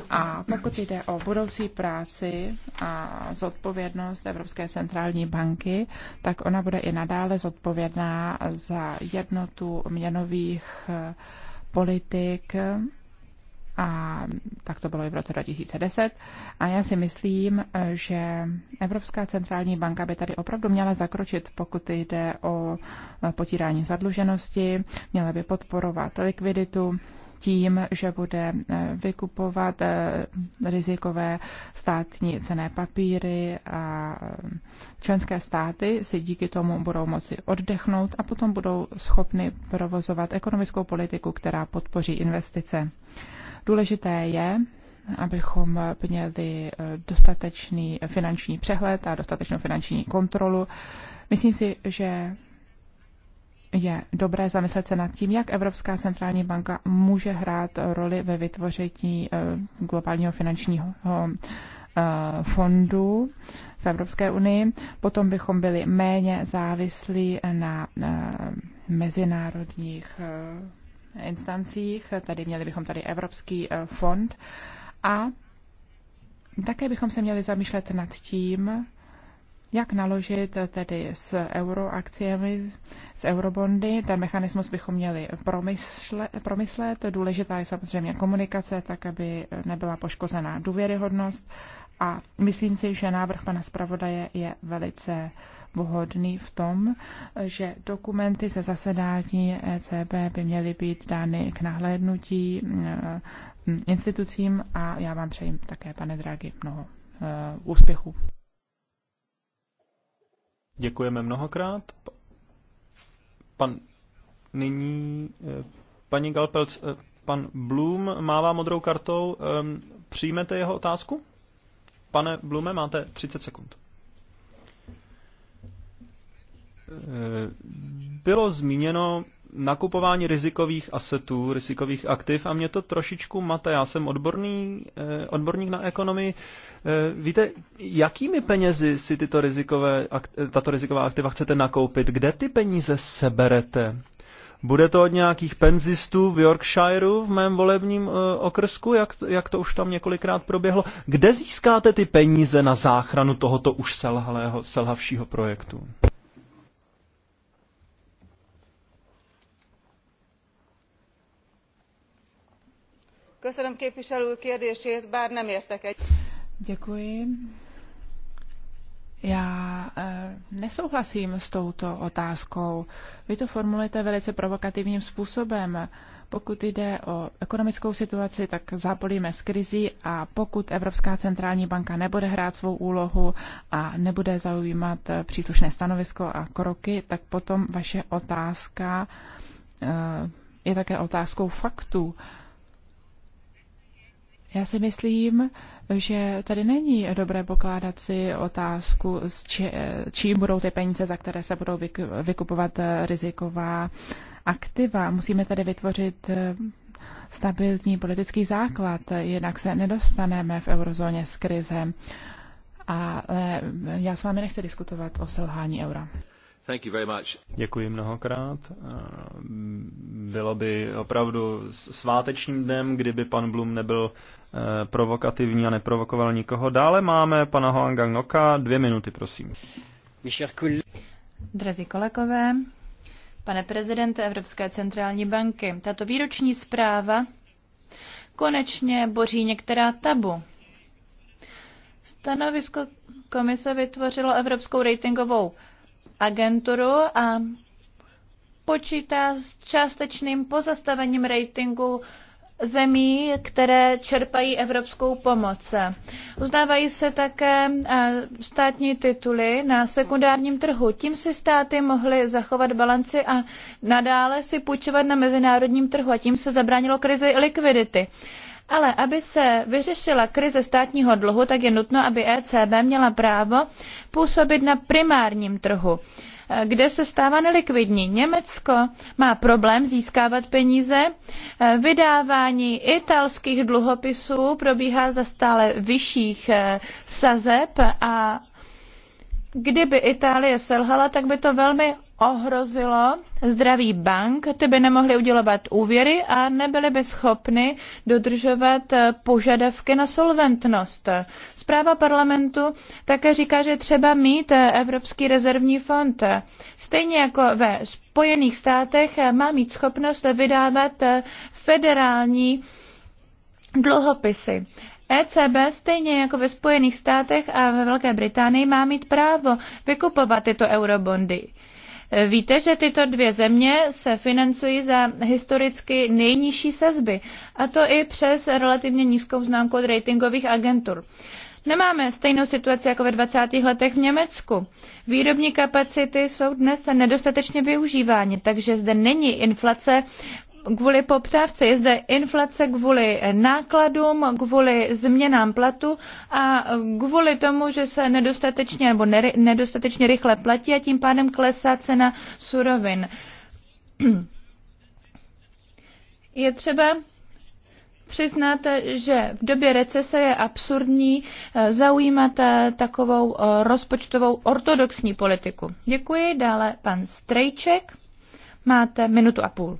a pokud jde o budoucí práci a zodpovědnost Evropské centrální banky, tak ona bude i nadále zodpovědná za jednotu měnových eh, politik a tak to bylo i v roce 2010. A já si myslím, eh, že Evropská centrální banka by tady opravdu měla zakročit, pokud jde o eh, potírání zadluženosti, měla by podporovat likviditu tím, že bude eh, vykupovat eh, rizikové státní cené papíry a eh, členské státy si díky tomu budou moci oddechnout a potom budou schopny provozovat ekonomickou politiku, která podpoří investice. Důležité je, abychom měli dostatečný finanční přehled a dostatečnou finanční kontrolu. Myslím si, že je dobré zamyslet se nad tím, jak Evropská centrální banka může hrát roli ve vytvoření eh, globálního finančního eh, fondu v Evropské unii. Potom bychom byli méně závislí na eh, mezinárodních instancích. Tady měli bychom tady Evropský fond a také bychom se měli zamýšlet nad tím, jak naložit tedy s euroakciemi, s eurobondy? Ten mechanismus bychom měli promysle, promyslet. Důležitá je samozřejmě komunikace, tak aby nebyla poškozená důvěryhodnost. A myslím si, že návrh pana zpravodaje je velice vhodný v tom, že dokumenty ze zasedání ECB by měly být dány k nahlédnutí eh, institucím a já vám přeji také, pane Dragi, mnoho eh, úspěchů. Děkujeme mnohokrát. Pan, nyní eh, paní Galpelc, eh, pan Bloom mává modrou kartou. Ehm, přijmete jeho otázku? Pane Blume, máte 30 sekund. Eh, bylo zmíněno, nakupování rizikových asetů, rizikových aktiv a mě to trošičku mate. Já jsem odborný, eh, odborník na ekonomii. Eh, víte, jakými penězi si tyto rizikové, eh, tato riziková aktiva chcete nakoupit? Kde ty peníze seberete? Bude to od nějakých penzistů v Yorkshireu v mém volebním okrsku, jak, jak to už tam několikrát proběhlo? Kde získáte ty peníze na záchranu tohoto už selhalého, selhavšího projektu? Köszönöm képviselő kérdését, bár nem értek Děkuji. Já eh, nesouhlasím s touto otázkou. Vy to formulujete velice provokativním způsobem. Pokud jde o ekonomickou situaci, tak zápolíme s krizí a pokud Evropská centrální banka nebude hrát svou úlohu a nebude zaujímat eh, příslušné stanovisko a kroky, tak potom vaše otázka eh, je také otázkou faktů. Já si myslím, že tady není dobré pokládat si otázku, s či, čím budou ty peníze, za které se budou vykupovat eh, riziková aktiva. Musíme tady vytvořit eh, stabilní politický základ, jinak se nedostaneme v eurozóně s krizem. A eh, já s vámi nechci diskutovat o selhání eura. Děkuji mnohokrát. Bylo by opravdu svátečním dnem, kdyby pan Blum nebyl eh, provokativní a neprovokoval nikoho. Dále máme pana Hoanga Noka. Dvě minuty, prosím. Drazí kolegové, pane prezidente Evropské centrální banky, tato výroční zpráva konečně boří některá tabu. Stanovisko komise vytvořilo Evropskou ratingovou agenturu a počítá s částečným pozastavením ratingu zemí, které čerpají evropskou pomoc. Uznávají se také eh, státní tituly na sekundárním trhu. Tím si státy mohly zachovat balanci a nadále si půjčovat na mezinárodním trhu a tím se zabránilo krizi likvidity. Ale aby se vyřešila krize státního dluhu, tak je nutno, aby ECB měla právo působit na primárním trhu, kde se stává nelikvidní. Německo má problém získávat peníze, vydávání italských dluhopisů probíhá za stále vyšších eh, sazeb a kdyby Itálie selhala, tak by to velmi ohrozilo zdraví bank, ty by nemohly udělovat úvěry a nebyly by schopny dodržovat požadavky na solventnost. Zpráva parlamentu také říká, že třeba mít Evropský rezervní fond. Stejně jako ve Spojených státech má mít schopnost vydávat federální dluhopisy. ECB stejně jako ve Spojených státech a ve Velké Británii má mít právo vykupovat tyto eurobondy. Víte, že tyto dvě země se financují za historicky nejnižší sazby, a to i přes relativně nízkou známku od ratingových agentur. Nemáme stejnou situaci jako ve 20. letech v Německu. Výrobní kapacity jsou dnes nedostatečně využívány, takže zde není inflace kvůli poptávce, je zde inflace kvůli nákladům, kvůli změnám platu a kvůli tomu, že se nedostatečně nebo nery, nedostatečně rychle platí a tím pádem klesá cena surovin. [CLEARS THROAT] Je třeba přiznat, že v době recese je absurdní eh, zaujímat eh, takovou eh, rozpočtovou ortodoxní politiku. Děkuji. Dále pan Strejček. Máte minutu a půl.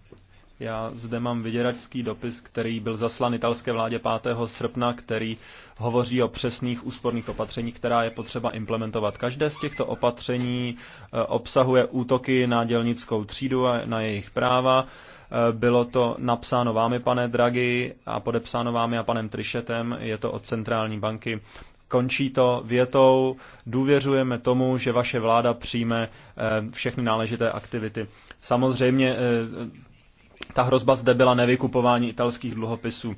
Já zde mám vyděračský dopis, který byl zaslan italské vládě 5. srpna, který hovoří o přesných úsporných opatření, která je potřeba implementovat. Každé z těchto opatření eh, obsahuje útoky na dělnickou třídu a na jejich práva. Eh, bylo to napsáno vámi, pane Draghi, a podepsáno vámi a panem Trišetem. Je to od centrální banky končí to větou, důvěřujeme tomu, že vaše vláda přijme eh, všechny náležité aktivity. Samozřejmě ta hrozba zde byla nevykupování italských dluhopisů.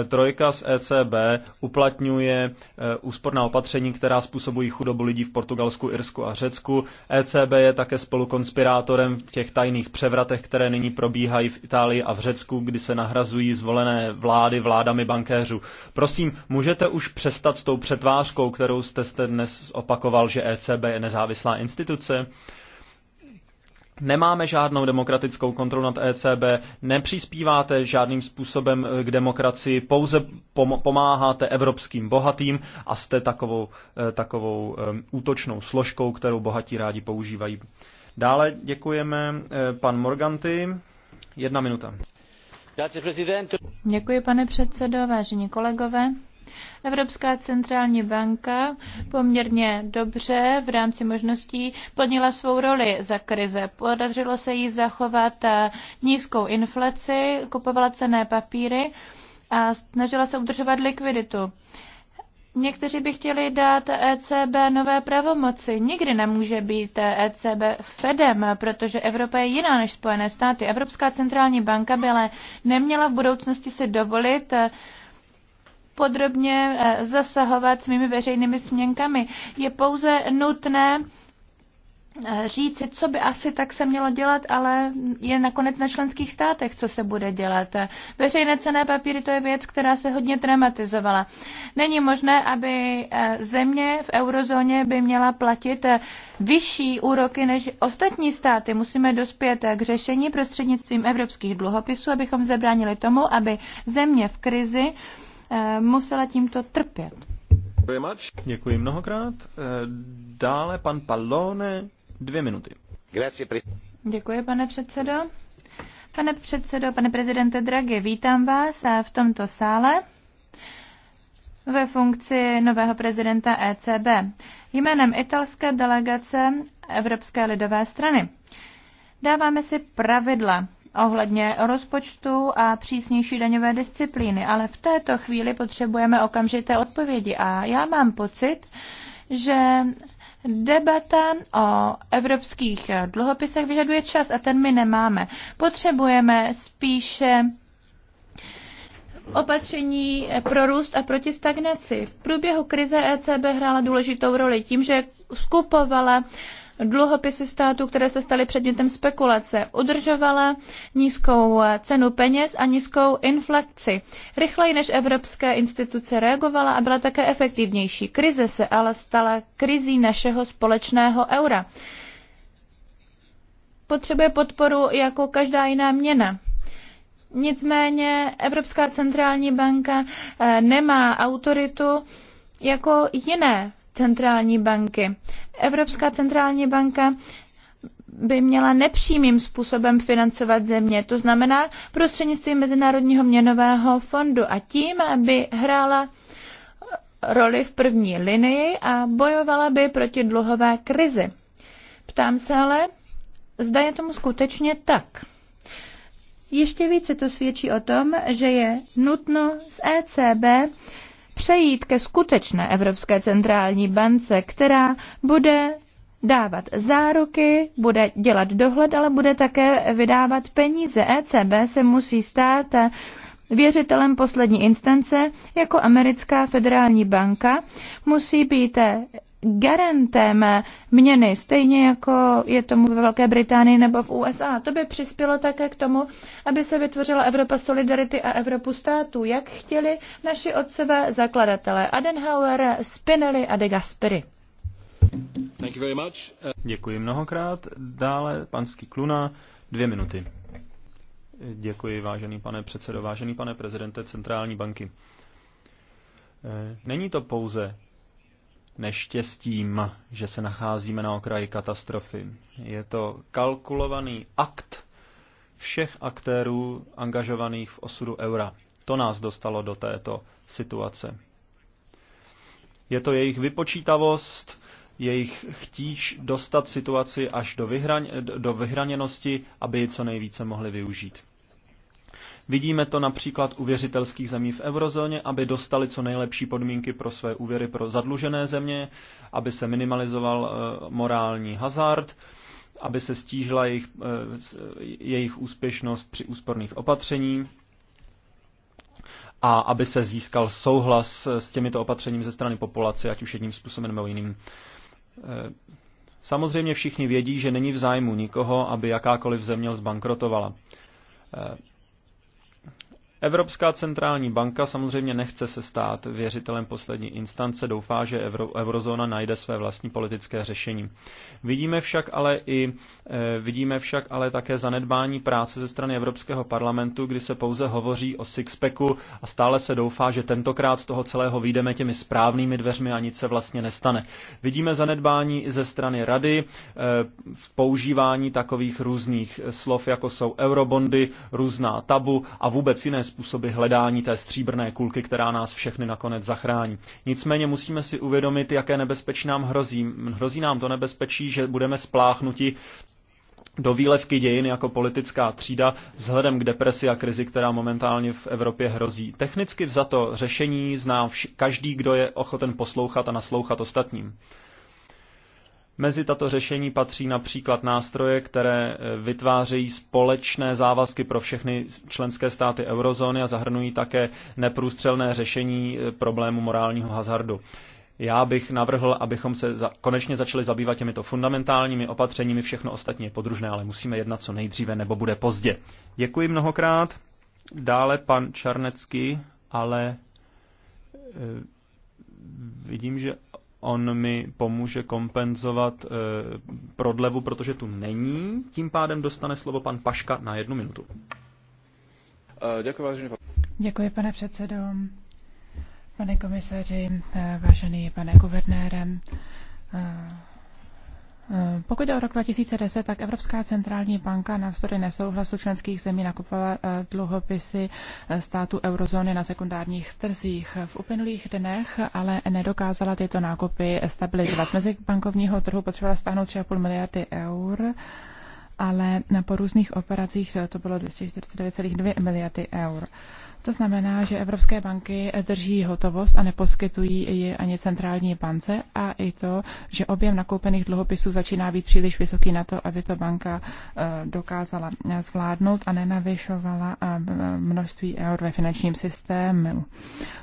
E, trojka z ECB uplatňuje e, úsporná opatření, která způsobují chudobu lidí v Portugalsku, Irsku a Řecku. ECB je také spolukonspirátorem v těch tajných převratech, které nyní probíhají v Itálii a v Řecku, kdy se nahrazují zvolené vlády vládami bankéřů. Prosím, můžete už přestat s tou přetvářkou, kterou jste, jste dnes opakoval, že ECB je nezávislá instituce? Nemáme žádnou demokratickou kontrolu nad ECB, nepřispíváte žádným způsobem eh, k demokracii, pouze pomáháte evropským bohatým a jste takovou, eh, takovou eh, útočnou složkou, kterou bohatí rádi používají. Dále děkujeme pan Morganty. Jedna minuta. Děkuji, pane předsedo, vážení kolegové. Evropská centrální banka poměrně dobře v rámci možností plnila svou roli za krize. Podařilo se jí zachovat eh, nízkou inflaci, kupovala cené papíry a snažila se udržovat likviditu. Někteří by chtěli dát ECB nové pravomoci. Nikdy nemůže být ECB Fedem, protože Evropa je jiná než Spojené státy. Evropská centrální banka by ale neměla v budoucnosti si dovolit podrobně eh, zasahovat svými veřejnými směnkami. Je pouze nutné eh, říci, co by asi tak se mělo dělat, ale je nakonec na členských státech, co se bude dělat. Veřejné cené papíry to je věc, která se hodně dramatizovala. Není možné, aby eh, země v eurozóně by měla platit vyšší úroky než ostatní státy. Musíme dospět k řešení prostřednictvím evropských dluhopisů, abychom zabránili tomu, aby země v krizi Eh, musela tímto trpět. Děkuji mnohokrát. Eh, dále pan Pallone, dvě minuty. Děkuji, pane předsedo. Pane předsedo, pane prezidente Draghi, vítám vás eh, v tomto sále ve funkci nového prezidenta ECB jménem italské delegace Evropské lidové strany. Dáváme si pravidla ohledně rozpočtu a přísnější daňové disciplíny, ale v této chvíli potřebujeme okamžité odpovědi a já mám pocit, že debata o evropských dluhopisech vyžaduje čas a ten my nemáme. Potřebujeme spíše opatření pro růst a proti stagnaci. V průběhu krize ECB hrála důležitou roli tím, že skupovala dluhopisy státu, které se staly předmětem spekulace, udržovala nízkou eh, cenu peněz a nízkou inflaci. Rychleji než evropské instituce reagovala a byla také efektivnější. Krize se ale stala krizí našeho společného eura. Potřebuje podporu jako každá jiná měna. Nicméně Evropská centrální banka eh, nemá autoritu jako jiné centrální banky. Evropská centrální banka by měla nepřímým způsobem financovat země, to znamená prostřednictvím Mezinárodního měnového fondu a tím, aby hrála roli v první linii a bojovala by proti dluhové krizi. Ptám se ale, zda je tomu skutečně tak. Ještě více to svědčí o tom, že je nutno z ECB přejít ke skutečné Evropské centrální bance, která bude dávat záruky, bude dělat dohled, ale bude také vydávat peníze. ECB se musí stát věřitelem poslední instance, jako americká federální banka, musí být garantem měny, stejně jako je tomu ve Velké Británii nebo v USA. To by přispělo také k tomu, aby se vytvořila Evropa solidarity a Evropu států, jak chtěli naši otcové zakladatelé Adenauer, Spinelli a de Gasperi. Thank you very much. Děkuji mnohokrát. Dále panský Kluna, dvě minuty. Děkuji, vážený pane předsedo, vážený pane prezidente Centrální banky. Eh, není to pouze neštěstím, že se nacházíme na okraji katastrofy. Je to kalkulovaný akt všech aktérů angažovaných v osudu eura. To nás dostalo do této situace. Je to jejich vypočítavost, jejich chtíč dostat situaci až do, vyhraně, do vyhraněnosti, aby ji co nejvíce mohli využít. Vidíme to například u věřitelských zemí v eurozóně, aby dostali co nejlepší podmínky pro své úvěry pro zadlužené země, aby se minimalizoval eh, morální hazard, aby se stížila jejich, eh, jejich úspěšnost při úsporných opatření a aby se získal souhlas eh, s těmito opatřeními ze strany populace, ať už jedním způsobem nebo jiným. Samozřejmě všichni vědí, že není v zájmu nikoho, aby jakákoliv země zbankrotovala. Evropská centrální banka samozřejmě nechce se stát věřitelem poslední instance, doufá, že euro, eurozóna najde své vlastní politické řešení. Vidíme však ale i eh, vidíme však ale také zanedbání práce ze strany Evropského parlamentu, kdy se pouze hovoří o sixpacku a stále se doufá, že tentokrát z toho celého vyjdeme těmi správnými dveřmi a nic se vlastně nestane. Vidíme zanedbání i ze strany rady eh, v používání takových různých slov, jako jsou eurobondy, různá tabu a vůbec jiné způsoby hledání té stříbrné kulky, která nás všechny nakonec zachrání. Nicméně musíme si uvědomit, jaké nebezpečí nám hrozí. Hrozí nám to nebezpečí, že budeme spláchnuti do výlevky dějin jako politická třída vzhledem k depresi a krizi, která momentálně v Evropě hrozí. Technicky vzato řešení zná každý, kdo je ochoten poslouchat a naslouchat ostatním. Mezi tato řešení patří například nástroje, které eh, vytvářejí společné závazky pro všechny členské státy eurozóny a zahrnují také neprůstřelné řešení eh, problému morálního hazardu. Já bych navrhl, abychom se za, konečně začali zabývat těmito fundamentálními opatřeními, všechno ostatně je podružné, ale musíme jednat co nejdříve, nebo bude pozdě. Děkuji mnohokrát. Dále pan Čarnecký, ale e, vidím, že on mi pomůže kompenzovat e, prodlevu, protože tu není. Tím pádem dostane slovo pan Paška na jednu minutu. Eh, děkuji, vážený Děkuji, pane předsedo. Pane komisaři, eh, vážený pane guvernére, Eh, pokud je o rok 2010, tak Evropská centrální banka navzdory nesouhlasu členských zemí nakupovala eh, dluhopisy eh, států eurozóny na sekundárních trzích. V uplynulých dnech ale nedokázala tyto nákupy stabilizovat. Mezi bankovního trhu potřebovala stáhnout 3,5 miliardy eur, ale po různých operacích to bylo 249,2 miliardy eur. To znamená, že evropské banky drží hotovost a neposkytují ji ani centrální bance a i to, že objem nakoupených dluhopisů začíná být příliš vysoký na to, aby to banka eh, dokázala eh, zvládnout a nenavyšovala eh, království eur ve finančním systému.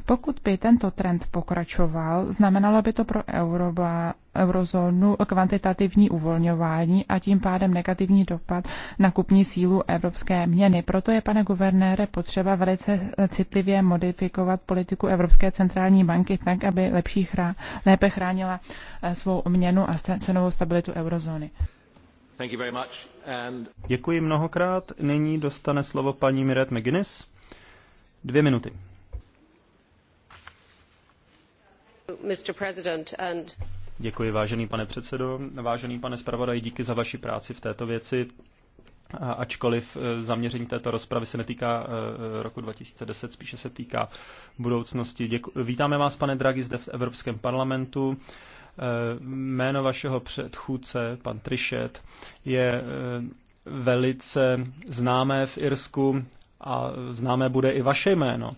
Pokud by tento trend pokračoval, znamenalo by to pro Euroba, eurozónu kvantitativní uvolňování a tím pádem negativní dopad na kupní sílu evropské měny. Proto je, pane guvernére, potřeba velice citlivě modifikovat politiku Evropské centrální banky tak, aby lepší chrá, lépe chránila eh, svou měnu a cenovou stabilitu eurozóny. Děkuji mnohokrát. Nyní dostane slovo paní Miret McGuinness. Dvě minuty. Děkuji, vážený pane předsedo. Vážený pane zpravodaj, díky za vaši práci v této věci. A ačkoliv e, zaměření této rozpravy se netýká e, roku 2010, spíše se týká budoucnosti. Děku... Vítáme vás, pane Draghi, zde v Evropském parlamentu. E, jméno vašeho předchůdce, pan Trišet, je velice známé v Irsku a známé bude i vaše jméno.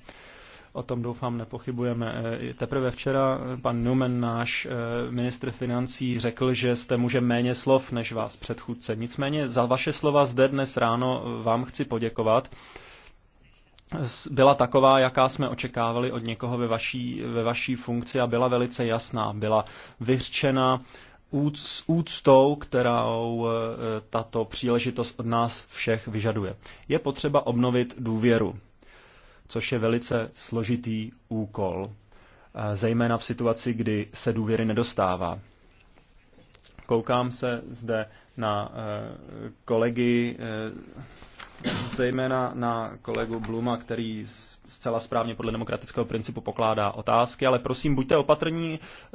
O tom doufám nepochybujeme. E, teprve včera e, pan Newman, náš e, ministr financí, řekl, že jste muže méně slov než vás předchůdce. Nicméně za vaše slova zde dnes ráno vám chci poděkovat. Byla taková, jaká jsme očekávali od někoho ve vaší, ve vaší funkci a byla velice jasná. Byla vyřčena, s úctou, kterou eh, tato příležitost od nás všech vyžaduje. Je potřeba obnovit důvěru, což je velice složitý úkol, eh, zejména v situaci, kdy se důvěry nedostává. Koukám se zde na eh, kolegy, zejména na kolegu Bluma, který zcela správně podle demokratického principu pokládá otázky, ale prosím, buďte opatrní, eh,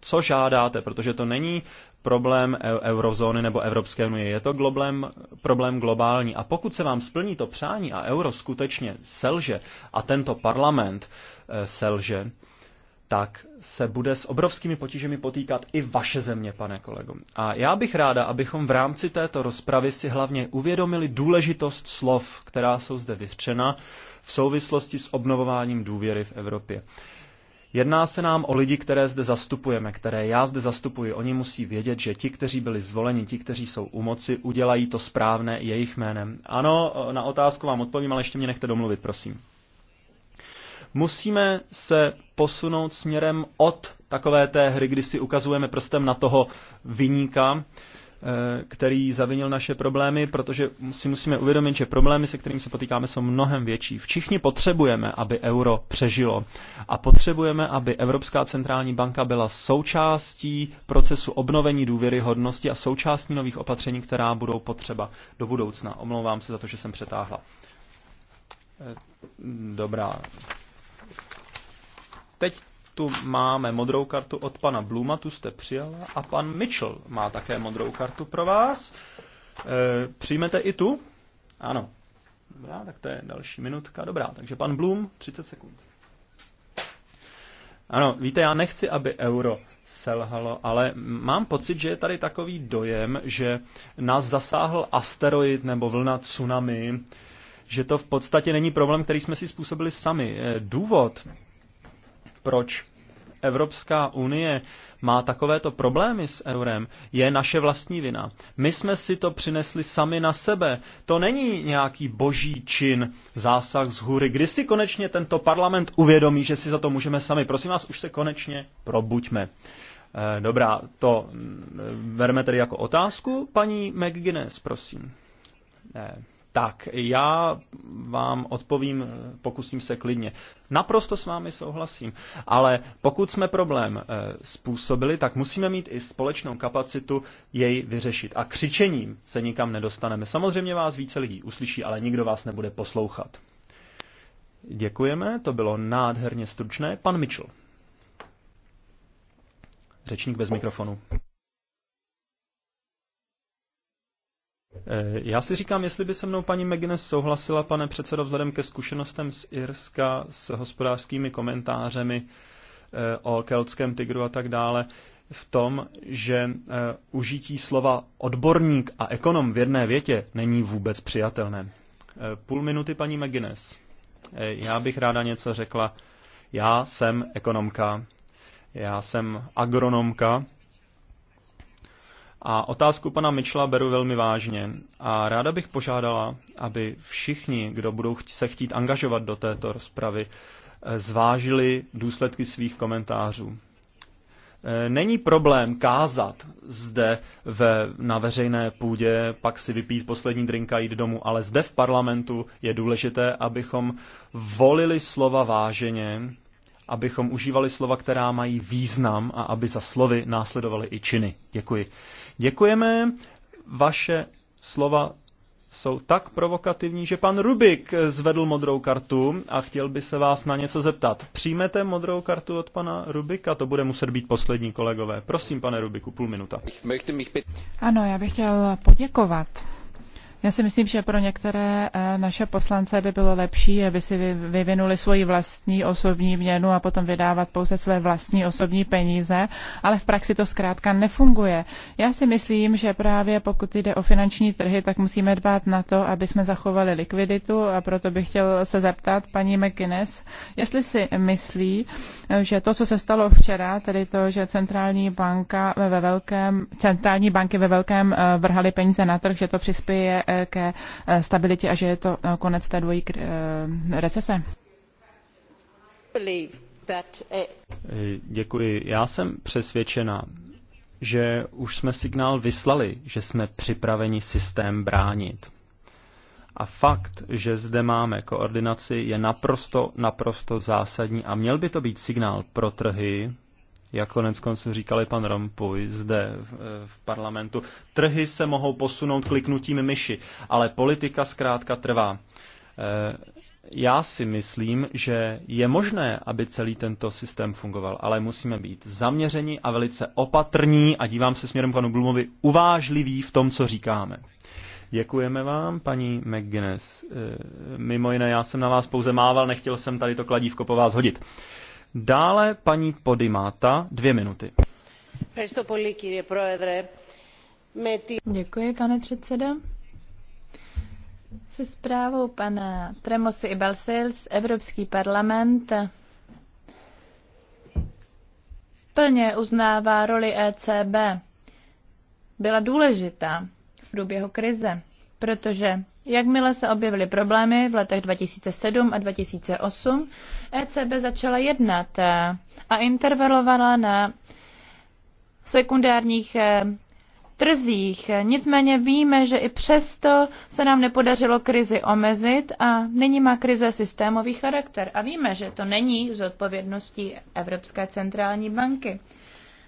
co žádáte, protože to není problém e, eurozóny nebo Evropské unie, je to problém, problém globální. A pokud se vám splní to přání a euro skutečně selže a tento parlament eh, selže, tak se bude s obrovskými potížemi potýkat i vaše země, pane kolego. A já bych ráda, abychom v rámci této rozpravy si hlavně uvědomili důležitost slov, která jsou zde vyřčena v souvislosti s obnovováním důvěry v Evropě. Jedná se nám o lidi, které zde zastupujeme, které já zde zastupuji. Oni musí vědět, že ti, kteří byli zvoleni, ti, kteří jsou u moci, udělají to správné jejich jménem. Ano, na otázku vám odpovím, ale ještě mě nechte domluvit, prosím. Musíme se posunout směrem od takové té hry, kdy si ukazujeme prstem na toho vyníka, eh, který zavinil naše problémy, protože si musíme uvědomit, že problémy, se kterými se potýkáme, jsou mnohem větší. Všichni potřebujeme, aby euro přežilo a potřebujeme, aby Evropská centrální banka byla součástí procesu obnovení důvěryhodnosti a součástí nových opatření, která budou potřeba do budoucna. Omlouvám se za to, že jsem přetáhla. Eh, dobrá, teď tu máme modrou kartu od pana Bluma, tu jste přijala, a pan Mitchell má také modrou kartu pro vás. E, přijmete i tu? Ano. Dobrá, tak to je další minutka. Dobrá, takže pan Blum, 30 sekund. Ano, víte, já nechci, aby euro selhalo, ale mám pocit, že je tady takový dojem, že nás zasáhl asteroid nebo vlna tsunami, že to v podstatě není problém, který jsme si způsobili sami. E, důvod, proč Evropská unie má takovéto problémy s eurem, je naše vlastní vina. My jsme si to přinesli sami na sebe. To není nějaký boží čin, zásah z hůry. Kdy si konečně tento parlament uvědomí, že si za to můžeme sami? Prosím vás, už se konečně probuďme. Eh, dobrá, to verme mm, eh, tedy jako otázku. Paní McGuinness, prosím. Ne. Eh, tak, já vám odpovím, eh, pokusím se klidně. Naprosto s vámi souhlasím, ale pokud jsme problém eh, způsobili, tak musíme mít i společnou kapacitu jej vyřešit. A křičením se nikam nedostaneme. Samozřejmě vás více lidí uslyší, ale nikdo vás nebude poslouchat. Děkujeme, to bylo nádherně stručné. Pan Mitchell. Řečník bez mikrofonu. Eh, já si říkám, jestli by se mnou paní McGuinness souhlasila, pane předsedo, vzhledem ke zkušenostem z Irska s hospodářskými komentářemi eh, o keltském tygru a tak dále, v tom, že eh, užití slova odborník a ekonom v jedné větě není vůbec přijatelné. Půl minuty, paní McGuinness. Já bych ráda něco řekla. Já jsem ekonomka, já jsem agronomka, a otázku pana Mitchella beru velmi vážně a ráda bych požádala, aby všichni, kdo budou se chtít angažovat do této rozpravy, eh, zvážili důsledky svých komentářů. Eh, není problém kázat zde ve, na veřejné půdě, pak si vypít poslední drink a jít domů, ale zde v parlamentu je důležité, abychom volili slova váženě abychom užívali slova, která mají význam a aby za slovy následovaly i činy. Děkuji. Děkujeme. Vaše slova jsou tak provokativní, že pan Rubik zvedl modrou kartu a chtěl by se vás na něco zeptat. Přijmete modrou kartu od pana Rubika? To bude muset být poslední, kolegové. Prosím, pane Rubiku, půl minuta. Ano, já bych chtěl poděkovat já si myslím, že pro některé eh, naše poslance by bylo lepší, aby si vyvinuli svoji vlastní osobní měnu a potom vydávat pouze své vlastní osobní peníze, ale v praxi to zkrátka nefunguje. Já si myslím, že právě pokud jde o finanční trhy, tak musíme dbát na to, aby jsme zachovali likviditu a proto bych chtěl se zeptat paní McInnes, jestli si myslí, eh, že to, co se stalo včera, tedy to, že centrální banka ve velkém, centrální banky ve velkém eh, vrhaly peníze na trh, že to přispěje ke eh, stabilitě a že je to eh, konec té dvojí eh, recese? Děkuji. Já jsem přesvědčena, že už jsme signál vyslali, že jsme připraveni systém bránit. A fakt, že zde máme koordinaci, je naprosto, naprosto zásadní a měl by to být signál pro trhy, jak konec konců říkal i pan Rompuy zde v, v parlamentu. Trhy se mohou posunout kliknutím myši, ale politika zkrátka trvá. Eh, já si myslím, že je možné, aby celý tento systém fungoval, ale musíme být zaměření a velice opatrní a dívám se směrem k panu Blumovi uvážliví v tom, co říkáme. Děkujeme vám, paní McGuinness. Eh, mimo jiné, já jsem na vás pouze mával, nechtěl jsem tady to kladívko po vás hodit. Dále paní Podimáta, dvě minuty. Děkuji, pane předsedo. Se zprávou pana Tremosy i Balsils Evropský parlament plně uznává roli ECB. Byla důležitá v průběhu krize, protože Jakmile se objevily problémy v letech 2007 a 2008, ECB začala jednat eh, a intervalovala na sekundárních eh, trzích. Nicméně víme, že i přesto se nám nepodařilo krizi omezit a nyní má krize systémový charakter. A víme, že to není zodpovědností Evropské centrální banky.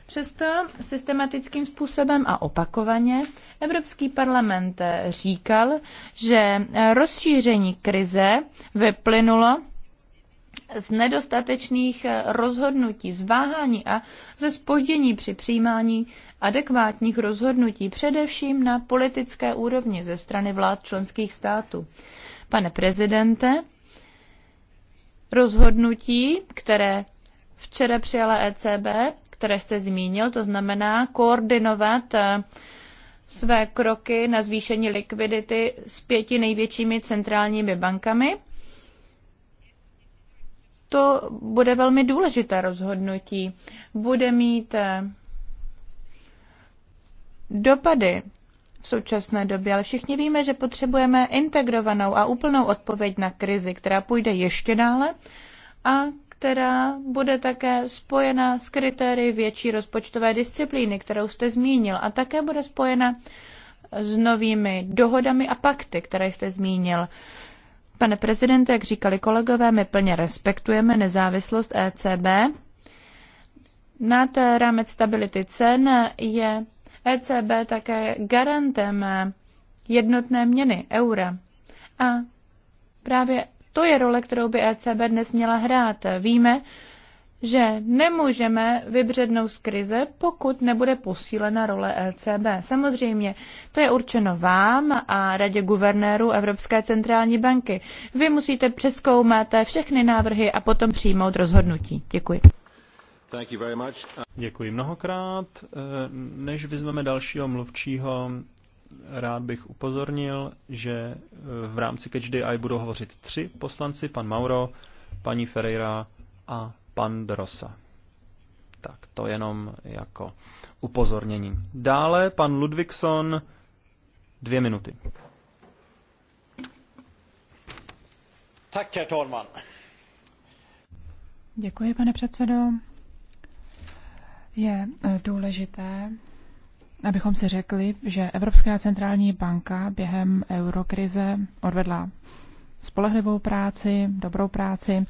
Přesto systematickým způsobem a opakovaně Evropský parlament říkal, že rozšíření krize vyplynulo z nedostatečných rozhodnutí, zváhání a ze spoždění při přijímání adekvátních rozhodnutí, především na politické úrovni ze strany vlád členských států. Pane prezidente, rozhodnutí, které včera přijala ECB, které jste zmínil, to znamená koordinovat eh, své kroky na zvýšení likvidity s pěti největšími centrálními bankami. To bude velmi důležité rozhodnutí. Bude mít eh, dopady v současné době, ale všichni víme, že potřebujeme integrovanou a úplnou odpověď na krizi, která půjde ještě dále a která bude také spojena s kritérii větší rozpočtové disciplíny, kterou jste zmínil, a také bude spojena s novými dohodami a pakty, které jste zmínil. Pane prezidente, jak říkali kolegové, my plně respektujeme nezávislost ECB. Nad rámec stability cen je ECB také garantem jednotné měny eura. A právě to je role, kterou by ECB dnes měla hrát. Víme, že nemůžeme vybřednout z krize, pokud nebude posílena role ECB. Samozřejmě, to je určeno vám a Radě guvernérů Evropské centrální banky. Vy musíte přeskoumat všechny návrhy a potom přijmout rozhodnutí. Děkuji. Děkuji mnohokrát. Než vyzveme dalšího mluvčího, Rád bych upozornil, že eh, v rámci Catch the Eye budou hovořit tři poslanci, pan Mauro, paní Ferreira a pan Drosa. Tak to jenom jako upozornění. Dále pan Ludvigson, dvě minuty. Tak, Děkuji, pane předsedo. Je eh, důležité, abychom si řekli, že Evropská centrální banka během eurokrize odvedla spolehlivou práci, dobrou práci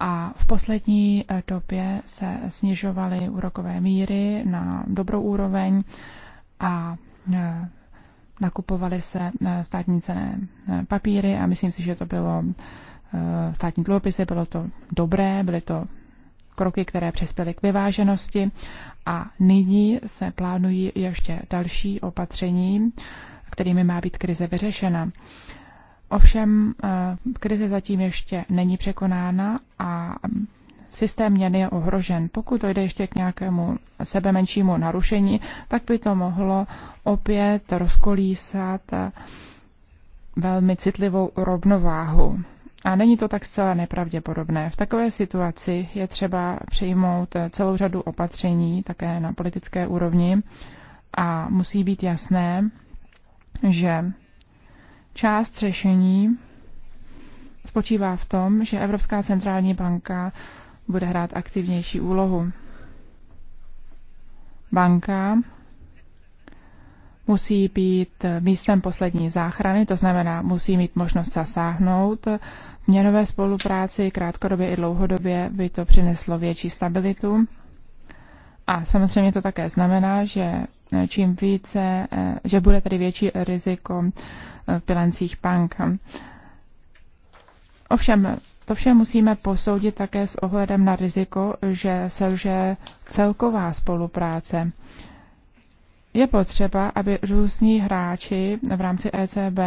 a v poslední eh, době se snižovaly úrokové míry na dobrou úroveň a eh, nakupovaly se eh, státní cené papíry a myslím si, že to bylo státní dluhopisy, bylo to dobré, byly to kroky, které přispěly k vyváženosti a nyní se plánují ještě další opatření, kterými má být krize vyřešena. Ovšem, eh, krize zatím ještě není překonána a systém měny je ohrožen. Pokud dojde ještě k nějakému sebe menšímu narušení, tak by to mohlo opět rozkolísat eh, velmi citlivou rovnováhu a není to tak zcela nepravděpodobné. V takové situaci je třeba přijmout eh, celou řadu opatření, také na politické úrovni, a musí být jasné, že část řešení spočívá v tom, že Evropská centrální banka bude hrát aktivnější úlohu. Banka musí být místem poslední záchrany, to znamená, musí mít možnost zasáhnout. V měnové spolupráci krátkodobě i dlouhodobě by to přineslo větší stabilitu. A samozřejmě to také znamená, že čím více, eh, že bude tady větší riziko eh, v bilancích bank. Ovšem, to vše musíme posoudit také s ohledem na riziko, že selže celková spolupráce. Je potřeba, aby různí hráči v rámci ECB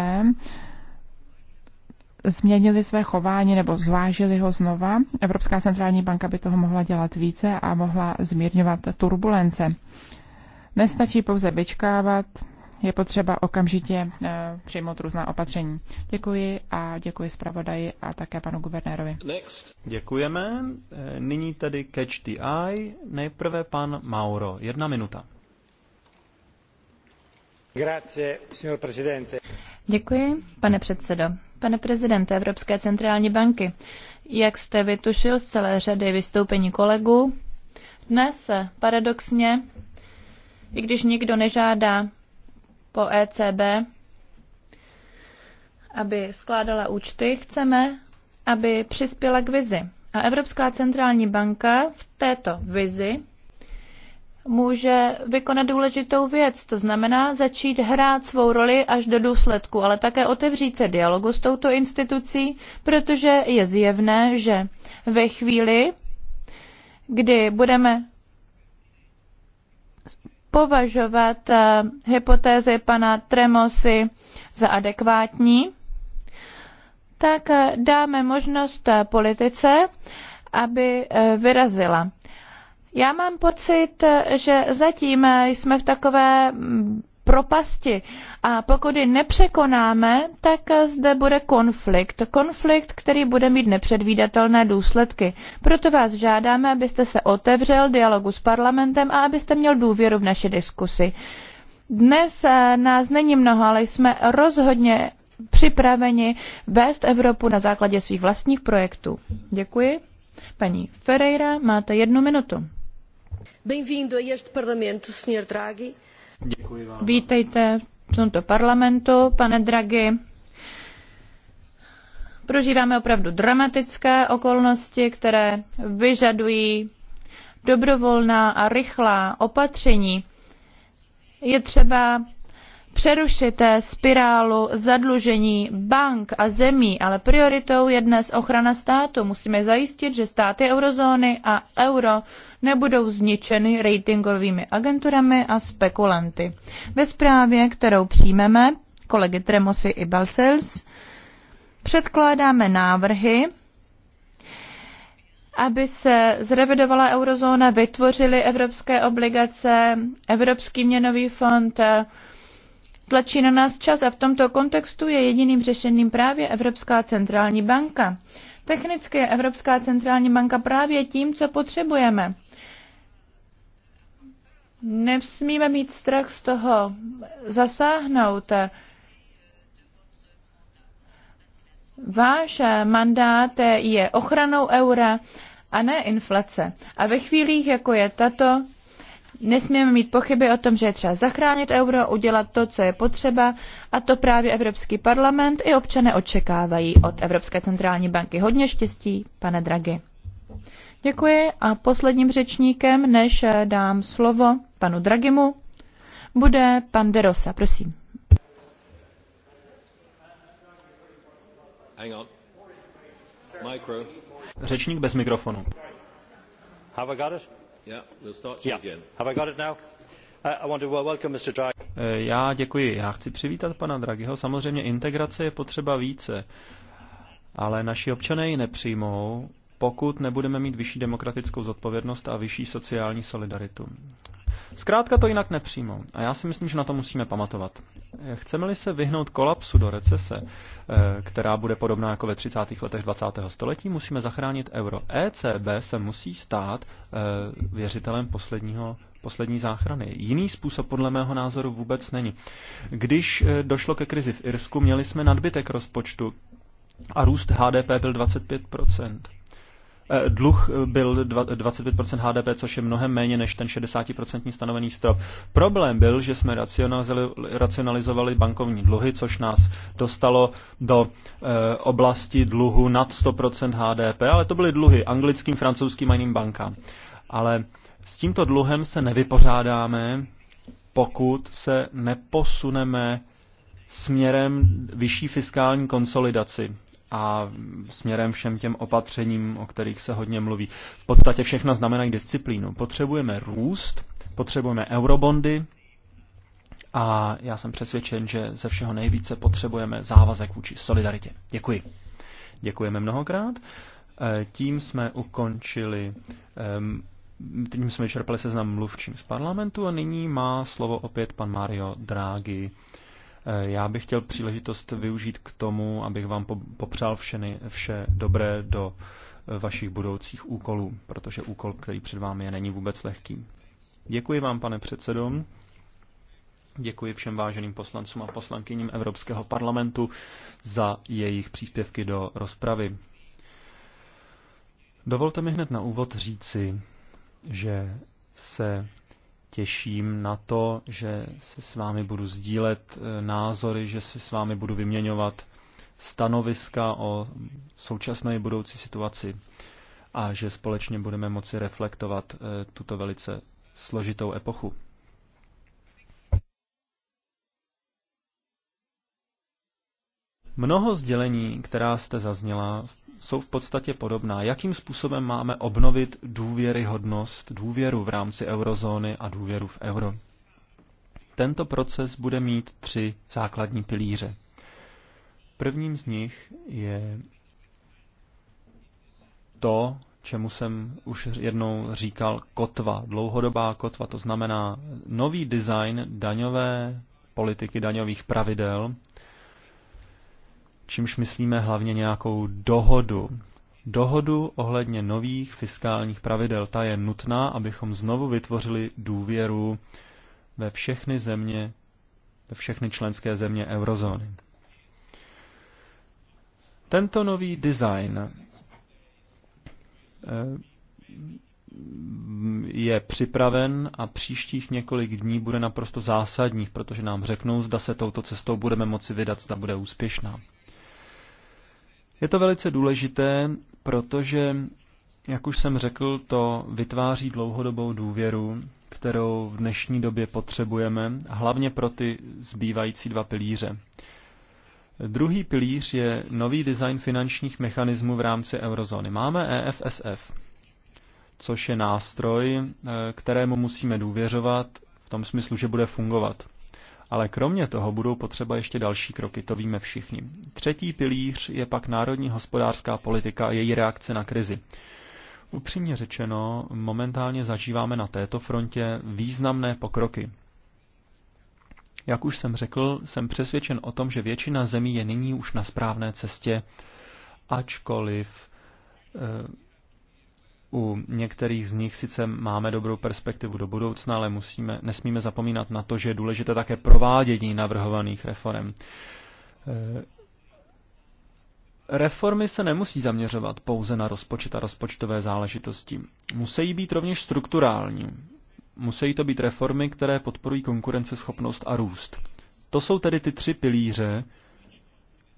změnili své chování nebo zvážili ho znova. Evropská centrální banka by toho mohla dělat více a mohla zmírňovat turbulence. Nestačí pouze vyčkávat, je potřeba okamžitě eh, přijmout různá opatření. Děkuji a děkuji zpravodaji a také panu guvernérovi. Next. Děkujeme. Eh, nyní tedy Catch the Eye. Nejprve pan Mauro. Jedna minuta. Děkuji, pane předsedo. Pane prezidente Evropské centrální banky, jak jste vytušil z celé řady vystoupení kolegů, dnes paradoxně, i když nikdo nežádá po ECB, aby skládala účty, chceme, aby přispěla k vizi. A Evropská centrální banka v této vizi může vykonat důležitou věc, to znamená začít hrát svou roli až do důsledku, ale také otevřít se dialogu s touto institucí, protože je zjevné, že ve chvíli, kdy budeme považovat eh, hypotézy pana Tremosy za adekvátní, tak eh, dáme možnost eh, politice, aby vyrazila. Já mám pocit, že zatím jsme v takové mm, propasti a pokud ji nepřekonáme, tak zde bude konflikt. Konflikt, který bude mít nepředvídatelné důsledky. Proto vás žádáme, abyste se otevřel dialogu s parlamentem a abyste měl důvěru v naše diskusy. Dnes eh, nás není mnoho, ale jsme rozhodně připraveni vést Evropu na základě svých vlastních projektů. Děkuji. Paní Ferreira, máte jednu minutu. Vítejte v tomto parlamentu, pane Draghi. Prožíváme opravdu dramatické okolnosti, které vyžadují dobrovolná a rychlá opatření. Je třeba přerušit spirálu zadlužení bank a zemí, ale prioritou je dnes ochrana státu. Musíme zajistit, že státy eurozóny a euro nebudou zničeny ratingovými agenturami a spekulanty. Ve zprávě, kterou přijmeme, kolegy Tremosy i Balsels, předkládáme návrhy, aby se zrevidovala eurozóna, vytvořily evropské obligace, Evropský měnový fond, Tlačí na nás čas a v tomto kontextu je jediným řešením právě Evropská centrální banka. Technicky je Evropská centrální banka právě tím, co potřebujeme. Nesmíme mít strach z toho zasáhnout. Váš mandát je ochranou eura a ne inflace. A ve chvílích, jako je tato, Nesmíme mít pochyby o tom, že je třeba zachránit euro, udělat to, co je potřeba a to právě Evropský parlament i občané očekávají od Evropské centrální banky. Hodně štěstí, pane Draghi. Děkuji a posledním řečníkem, než eh, dám slovo panu Dragimu, bude pan Derosa. Prosím. Hang on. Micro. Řečník bez mikrofonu. Have I got it? Eh, já děkuji. Já chci přivítat pana Draghiho. Samozřejmě integrace je potřeba více, ale naši občané ji nepřijmou, pokud nebudeme mít vyšší demokratickou zodpovědnost a vyšší sociální solidaritu. Zkrátka to jinak nepřijmou. A já si myslím, že na to musíme pamatovat. Eh, chceme-li se vyhnout kolapsu do recese, eh, která bude podobná jako ve 30. letech 20. století, musíme zachránit euro. ECB se musí stát eh, věřitelem posledního poslední záchrany. Jiný způsob podle mého názoru vůbec není. Když došlo ke krizi v Irsku, měli jsme nadbytek rozpočtu a růst HDP byl 25 Eh, dluh eh, byl 25% HDP, což je mnohem méně než ten 60% stanovený strop. Problém byl, že jsme racionalizovali bankovní dluhy, což nás dostalo do eh, oblasti dluhu nad 100% HDP, ale to byly dluhy anglickým, francouzským a jiným bankám. Ale s tímto dluhem se nevypořádáme, pokud se neposuneme směrem vyšší fiskální konsolidaci a směrem všem těm opatřením, o kterých se hodně mluví. V podstatě všechno znamenají disciplínu. Potřebujeme růst, potřebujeme eurobondy a já jsem přesvědčen, že ze všeho nejvíce potřebujeme závazek vůči solidaritě. Děkuji. Děkujeme mnohokrát. Eh, tím jsme ukončili, ehm, tím jsme vyčerpali seznam mluvčím z parlamentu a nyní má slovo opět pan Mario Draghi. Eh, já bych chtěl příležitost využít k tomu, abych vám popřál všeny, vše dobré do eh, vašich budoucích úkolů, protože úkol, který před vámi je, není vůbec lehký. Děkuji vám, pane předsedo. Děkuji všem váženým poslancům a poslankyním Evropského parlamentu za jejich příspěvky do rozpravy. Dovolte mi hned na úvod říci, že se těším na to, že se s vámi budu sdílet eh, názory, že se s vámi budu vyměňovat stanoviska o současné i budoucí situaci a že společně budeme moci reflektovat eh, tuto velice složitou epochu. Mnoho sdělení, která jste zazněla v jsou v podstatě podobná. Jakým způsobem máme obnovit důvěryhodnost, důvěru v rámci eurozóny a důvěru v euro? Tento proces bude mít tři základní pilíře. Prvním z nich je to, čemu jsem už jednou říkal kotva, dlouhodobá kotva, to znamená nový design daňové politiky, daňových pravidel, čímž myslíme hlavně nějakou dohodu. Dohodu ohledně nových fiskálních pravidel. Ta je nutná, abychom znovu vytvořili důvěru ve všechny země, ve všechny členské země eurozóny. Tento nový design eh, je připraven a příštích několik dní bude naprosto zásadních, protože nám řeknou, zda se touto cestou budeme moci vydat, zda bude úspěšná. Je to velice důležité, protože, jak už jsem řekl, to vytváří dlouhodobou důvěru, kterou v dnešní době potřebujeme, hlavně pro ty zbývající dva pilíře. Druhý pilíř je nový design finančních mechanismů v rámci eurozóny. Máme EFSF, což je nástroj, eh, kterému musíme důvěřovat v tom smyslu, že bude fungovat. Ale kromě toho budou potřeba ještě další kroky, to víme všichni. Třetí pilíř je pak národní hospodářská politika a její reakce na krizi. Upřímně řečeno, momentálně zažíváme na této frontě významné pokroky. Jak už jsem řekl, jsem přesvědčen o tom, že většina zemí je nyní už na správné cestě, ačkoliv eh, u některých z nich sice máme dobrou perspektivu do budoucna, ale musíme, nesmíme zapomínat na to, že je důležité také provádění navrhovaných reform. Eh, reformy se nemusí zaměřovat pouze na rozpočet a rozpočtové záležitosti. Musí být rovněž strukturální. Musí to být reformy, které podporují konkurenceschopnost a růst. To jsou tedy ty tři pilíře,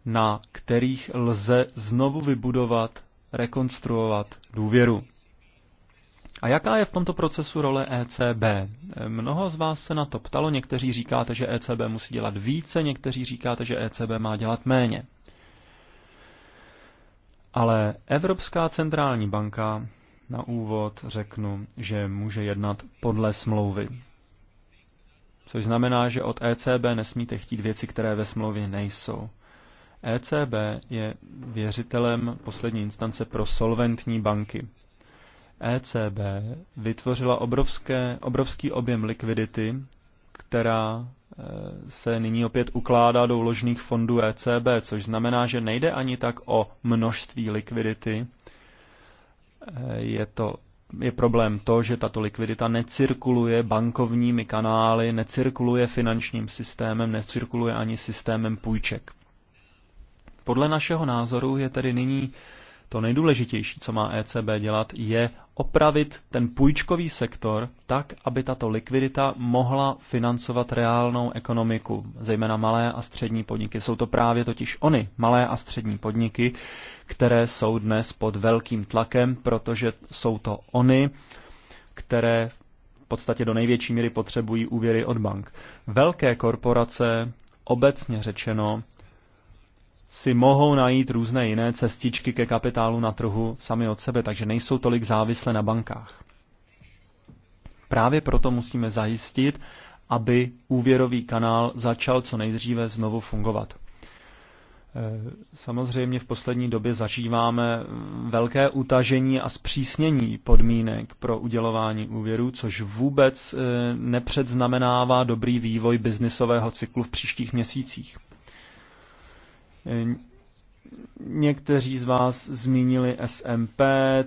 na kterých lze znovu vybudovat rekonstruovat důvěru. A jaká je v tomto procesu role ECB? Mnoho z vás se na to ptalo, někteří říkáte, že ECB musí dělat více, někteří říkáte, že ECB má dělat méně. Ale Evropská centrální banka na úvod řeknu, že může jednat podle smlouvy. Což znamená, že od ECB nesmíte chtít věci, které ve smlouvě nejsou. ECB je věřitelem poslední instance pro solventní banky. ECB vytvořila obrovské, obrovský objem likvidity, která e, se nyní opět ukládá do uložných fondů ECB, což znamená, že nejde ani tak o množství likvidity. E, je to je problém to, že tato likvidita necirkuluje bankovními kanály, necirkuluje finančním systémem, necirkuluje ani systémem půjček. Podle našeho názoru je tedy nyní to nejdůležitější, co má ECB dělat, je opravit ten půjčkový sektor tak, aby tato likvidita mohla financovat reálnou ekonomiku, zejména malé a střední podniky. Jsou to právě totiž oni, malé a střední podniky, které jsou dnes pod velkým tlakem, protože jsou to oni, které v podstatě do největší míry potřebují úvěry od bank. Velké korporace, obecně řečeno, si mohou najít různé jiné cestičky ke kapitálu na trhu sami od sebe, takže nejsou tolik závislé na bankách. Právě proto musíme zajistit, aby úvěrový kanál začal co nejdříve znovu fungovat. E, samozřejmě v poslední době zažíváme velké utažení a zpřísnění podmínek pro udělování úvěrů, což vůbec e, nepředznamenává dobrý vývoj biznisového cyklu v příštích měsících. Někteří z vás zmínili SMP,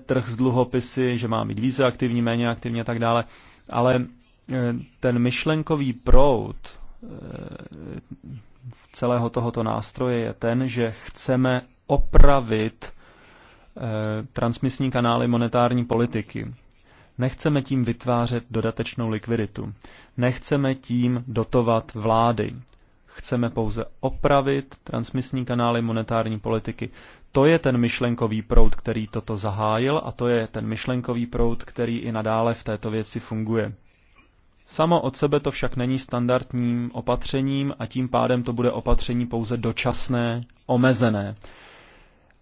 trh s dluhopisy, že má být více aktivní, méně aktivní a tak dále, ale eh, ten myšlenkový proud eh, v celého tohoto nástroje je ten, že chceme opravit eh, transmisní kanály monetární politiky. Nechceme tím vytvářet dodatečnou likviditu. Nechceme tím dotovat vlády. Chceme pouze opravit transmisní kanály monetární politiky. To je ten myšlenkový proud, který toto zahájil a to je ten myšlenkový proud, který i nadále v této věci funguje. Samo od sebe to však není standardním opatřením a tím pádem to bude opatření pouze dočasné, omezené.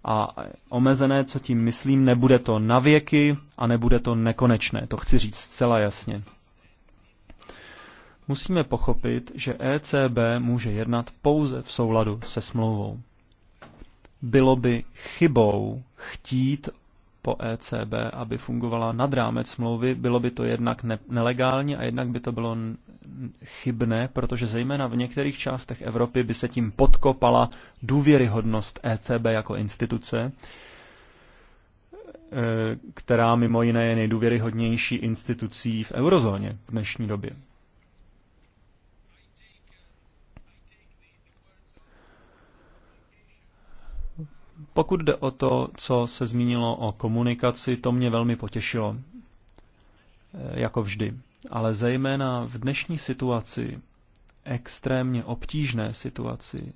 A omezené, co tím myslím, nebude to navěky a nebude to nekonečné. To chci říct zcela jasně musíme pochopit, že ECB může jednat pouze v souladu se smlouvou. Bylo by chybou chtít po ECB, aby fungovala nad rámec smlouvy, bylo by to jednak ne- nelegální a jednak by to bylo chybné, protože zejména v některých částech Evropy by se tím podkopala důvěryhodnost ECB jako instituce, e, která mimo jiné je nejdůvěryhodnější institucí v eurozóně v dnešní době. Pokud jde o to, co se zmínilo o komunikaci, to mě velmi potěšilo. Eh, jako vždy. Ale zejména v dnešní situaci, extrémně obtížné situaci,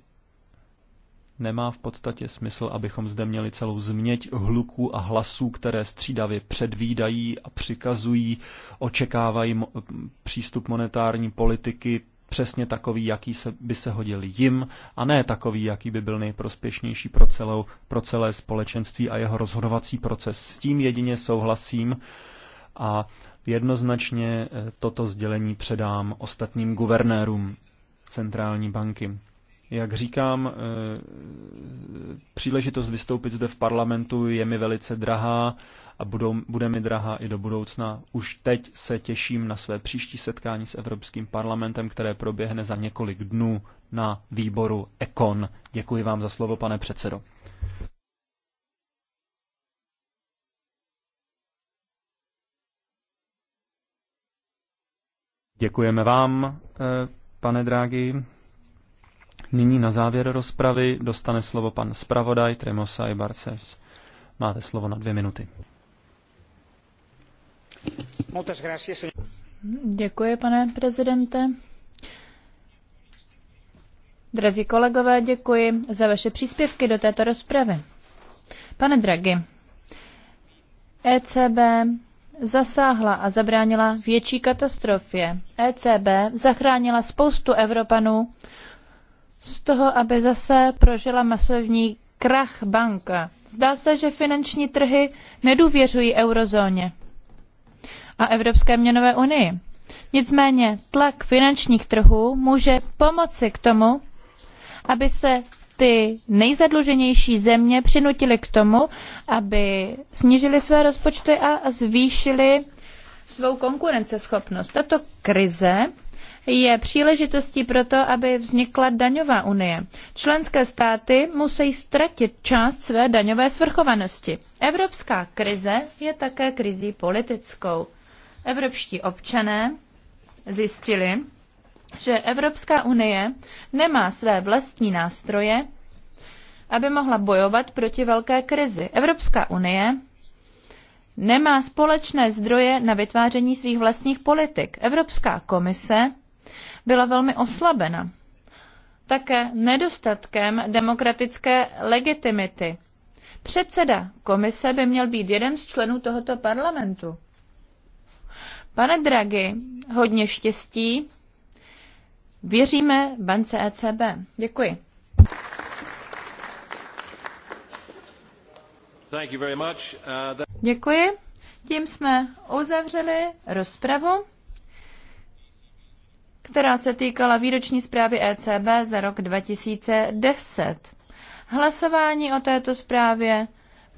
nemá v podstatě smysl, abychom zde měli celou změť hluků a hlasů, které střídavě předvídají a přikazují, očekávají přístup monetární politiky přesně takový, jaký se, by se hodil jim, a ne takový, jaký by byl nejprospěšnější pro, celou, pro celé společenství a jeho rozhodovací proces. S tím jedině souhlasím a jednoznačně eh, toto sdělení předám ostatním guvernérům centrální banky. Jak říkám, eh, příležitost vystoupit zde v parlamentu je mi velice drahá a budou, bude mi drahá i do budoucna. Už teď se těším na své příští setkání s Evropským parlamentem, které proběhne za několik dnů na výboru Ekon. Děkuji vám za slovo, pane předsedo. Děkujeme vám, eh, pane Drági. Nyní na závěr rozpravy dostane slovo pan zpravodaj Tremosa i Barces. Máte slovo na dvě minuty. Děkuji, pane prezidente. Drazí kolegové, děkuji za vaše příspěvky do této rozpravy. Pane Draghi, ECB zasáhla a zabránila větší katastrofě. ECB zachránila spoustu Evropanů z toho, aby zase prožila masovní krach banka. Zdá se, že finanční trhy nedůvěřují eurozóně a Evropské měnové unii. Nicméně tlak finančních trhů může pomoci k tomu, aby se ty nejzadluženější země přinutily k tomu, aby snížily své rozpočty a zvýšily svou konkurenceschopnost. Tato krize je příležitostí pro to, aby vznikla daňová unie. Členské státy musí ztratit část své daňové svrchovanosti. Evropská krize je také krizí politickou evropští občané zjistili, že Evropská unie nemá své vlastní nástroje, aby mohla bojovat proti velké krizi. Evropská unie nemá společné zdroje na vytváření svých vlastních politik. Evropská komise byla velmi oslabena také nedostatkem demokratické legitimity. Předseda komise by měl být jeden z členů tohoto parlamentu. Pane Dragi, hodně štěstí. Věříme bance ECB. Děkuji. Uh, Děkuji. Tím jsme uzavřeli rozpravu, která se týkala výroční zprávy ECB za rok 2010. Hlasování o této zprávě